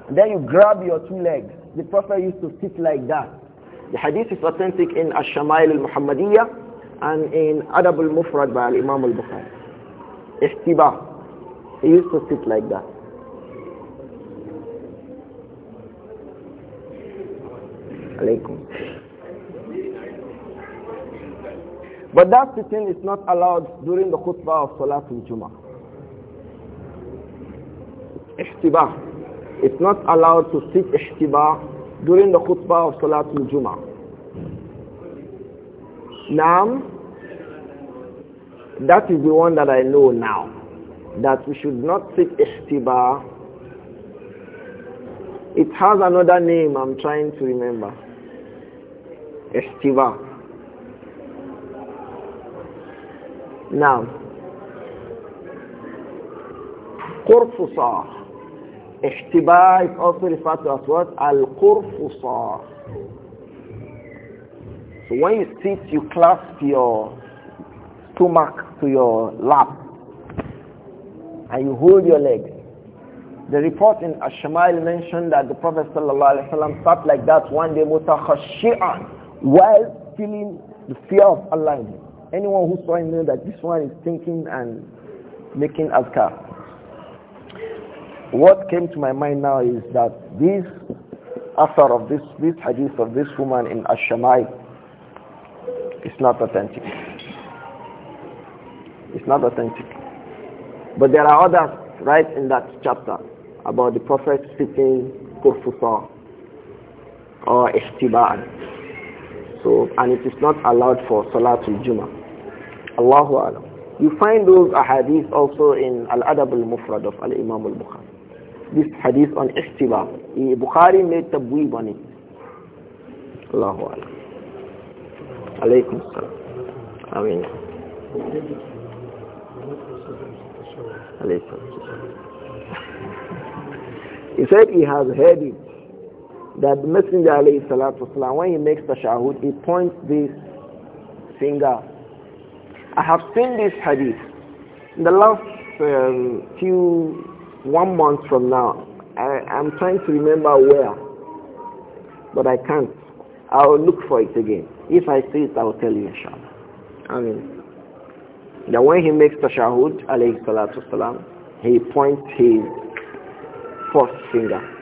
Speaker 1: Then you grab your two legs. The Prophet used to sit like that. The hadith is authentic in Ash-Shamail al-Muhammadiyah and in Adab al-Mufrad by Imam al-Bukhari. Ihtiba. He used to sit like that. alaikum. But that sitting is not allowed during the khutbah of Salatul Jummah. Ihtibah. It's not allowed to sit ihtibah during the khutbah of Salatul Jummah. Naam. That is the one that I know now. That we should not sit ihtibah. It has another name I'm trying to remember. استواء. now qurfusa ihtiba is also referred to as what al so when you sit you clasp your stomach to your lap and you hold your leg the report in Ash-Shamail mentioned that the Prophet ﷺ sat like that one day mutakhashi'an while feeling the fear of Allah in him. Anyone who saw him knew that this one is thinking and making ascar. What came to my mind now is that this author of this, this hadith of this woman in Ash-Shamai is not authentic. It's not authentic. But there are others right in that chapter about the Prophet speaking kurfusa or ishtiba'an. So, and it is not allowed for Salatul Jummah. Allahu Alam. You find those hadiths also in Al-Adab al-Mufrad of Al-Imam al-Bukhari. This hadith on Istiba. Bukhari made tabweeb on it. Allahu Alam. Alaykum
Speaker 2: Salaam.
Speaker 1: Ameen. Alaykum He said he has heard it that the Messenger alayhi salatu wasalam, when he makes tashahud, he points this finger. I have seen this hadith. In the last um, few, one month from now, I, I'm trying to remember where, but I can't. I'll look for it again. If I see it, I will tell you inshallah. I mean, that when he makes tashahud, alayhi salatu wasalam, he points his first finger.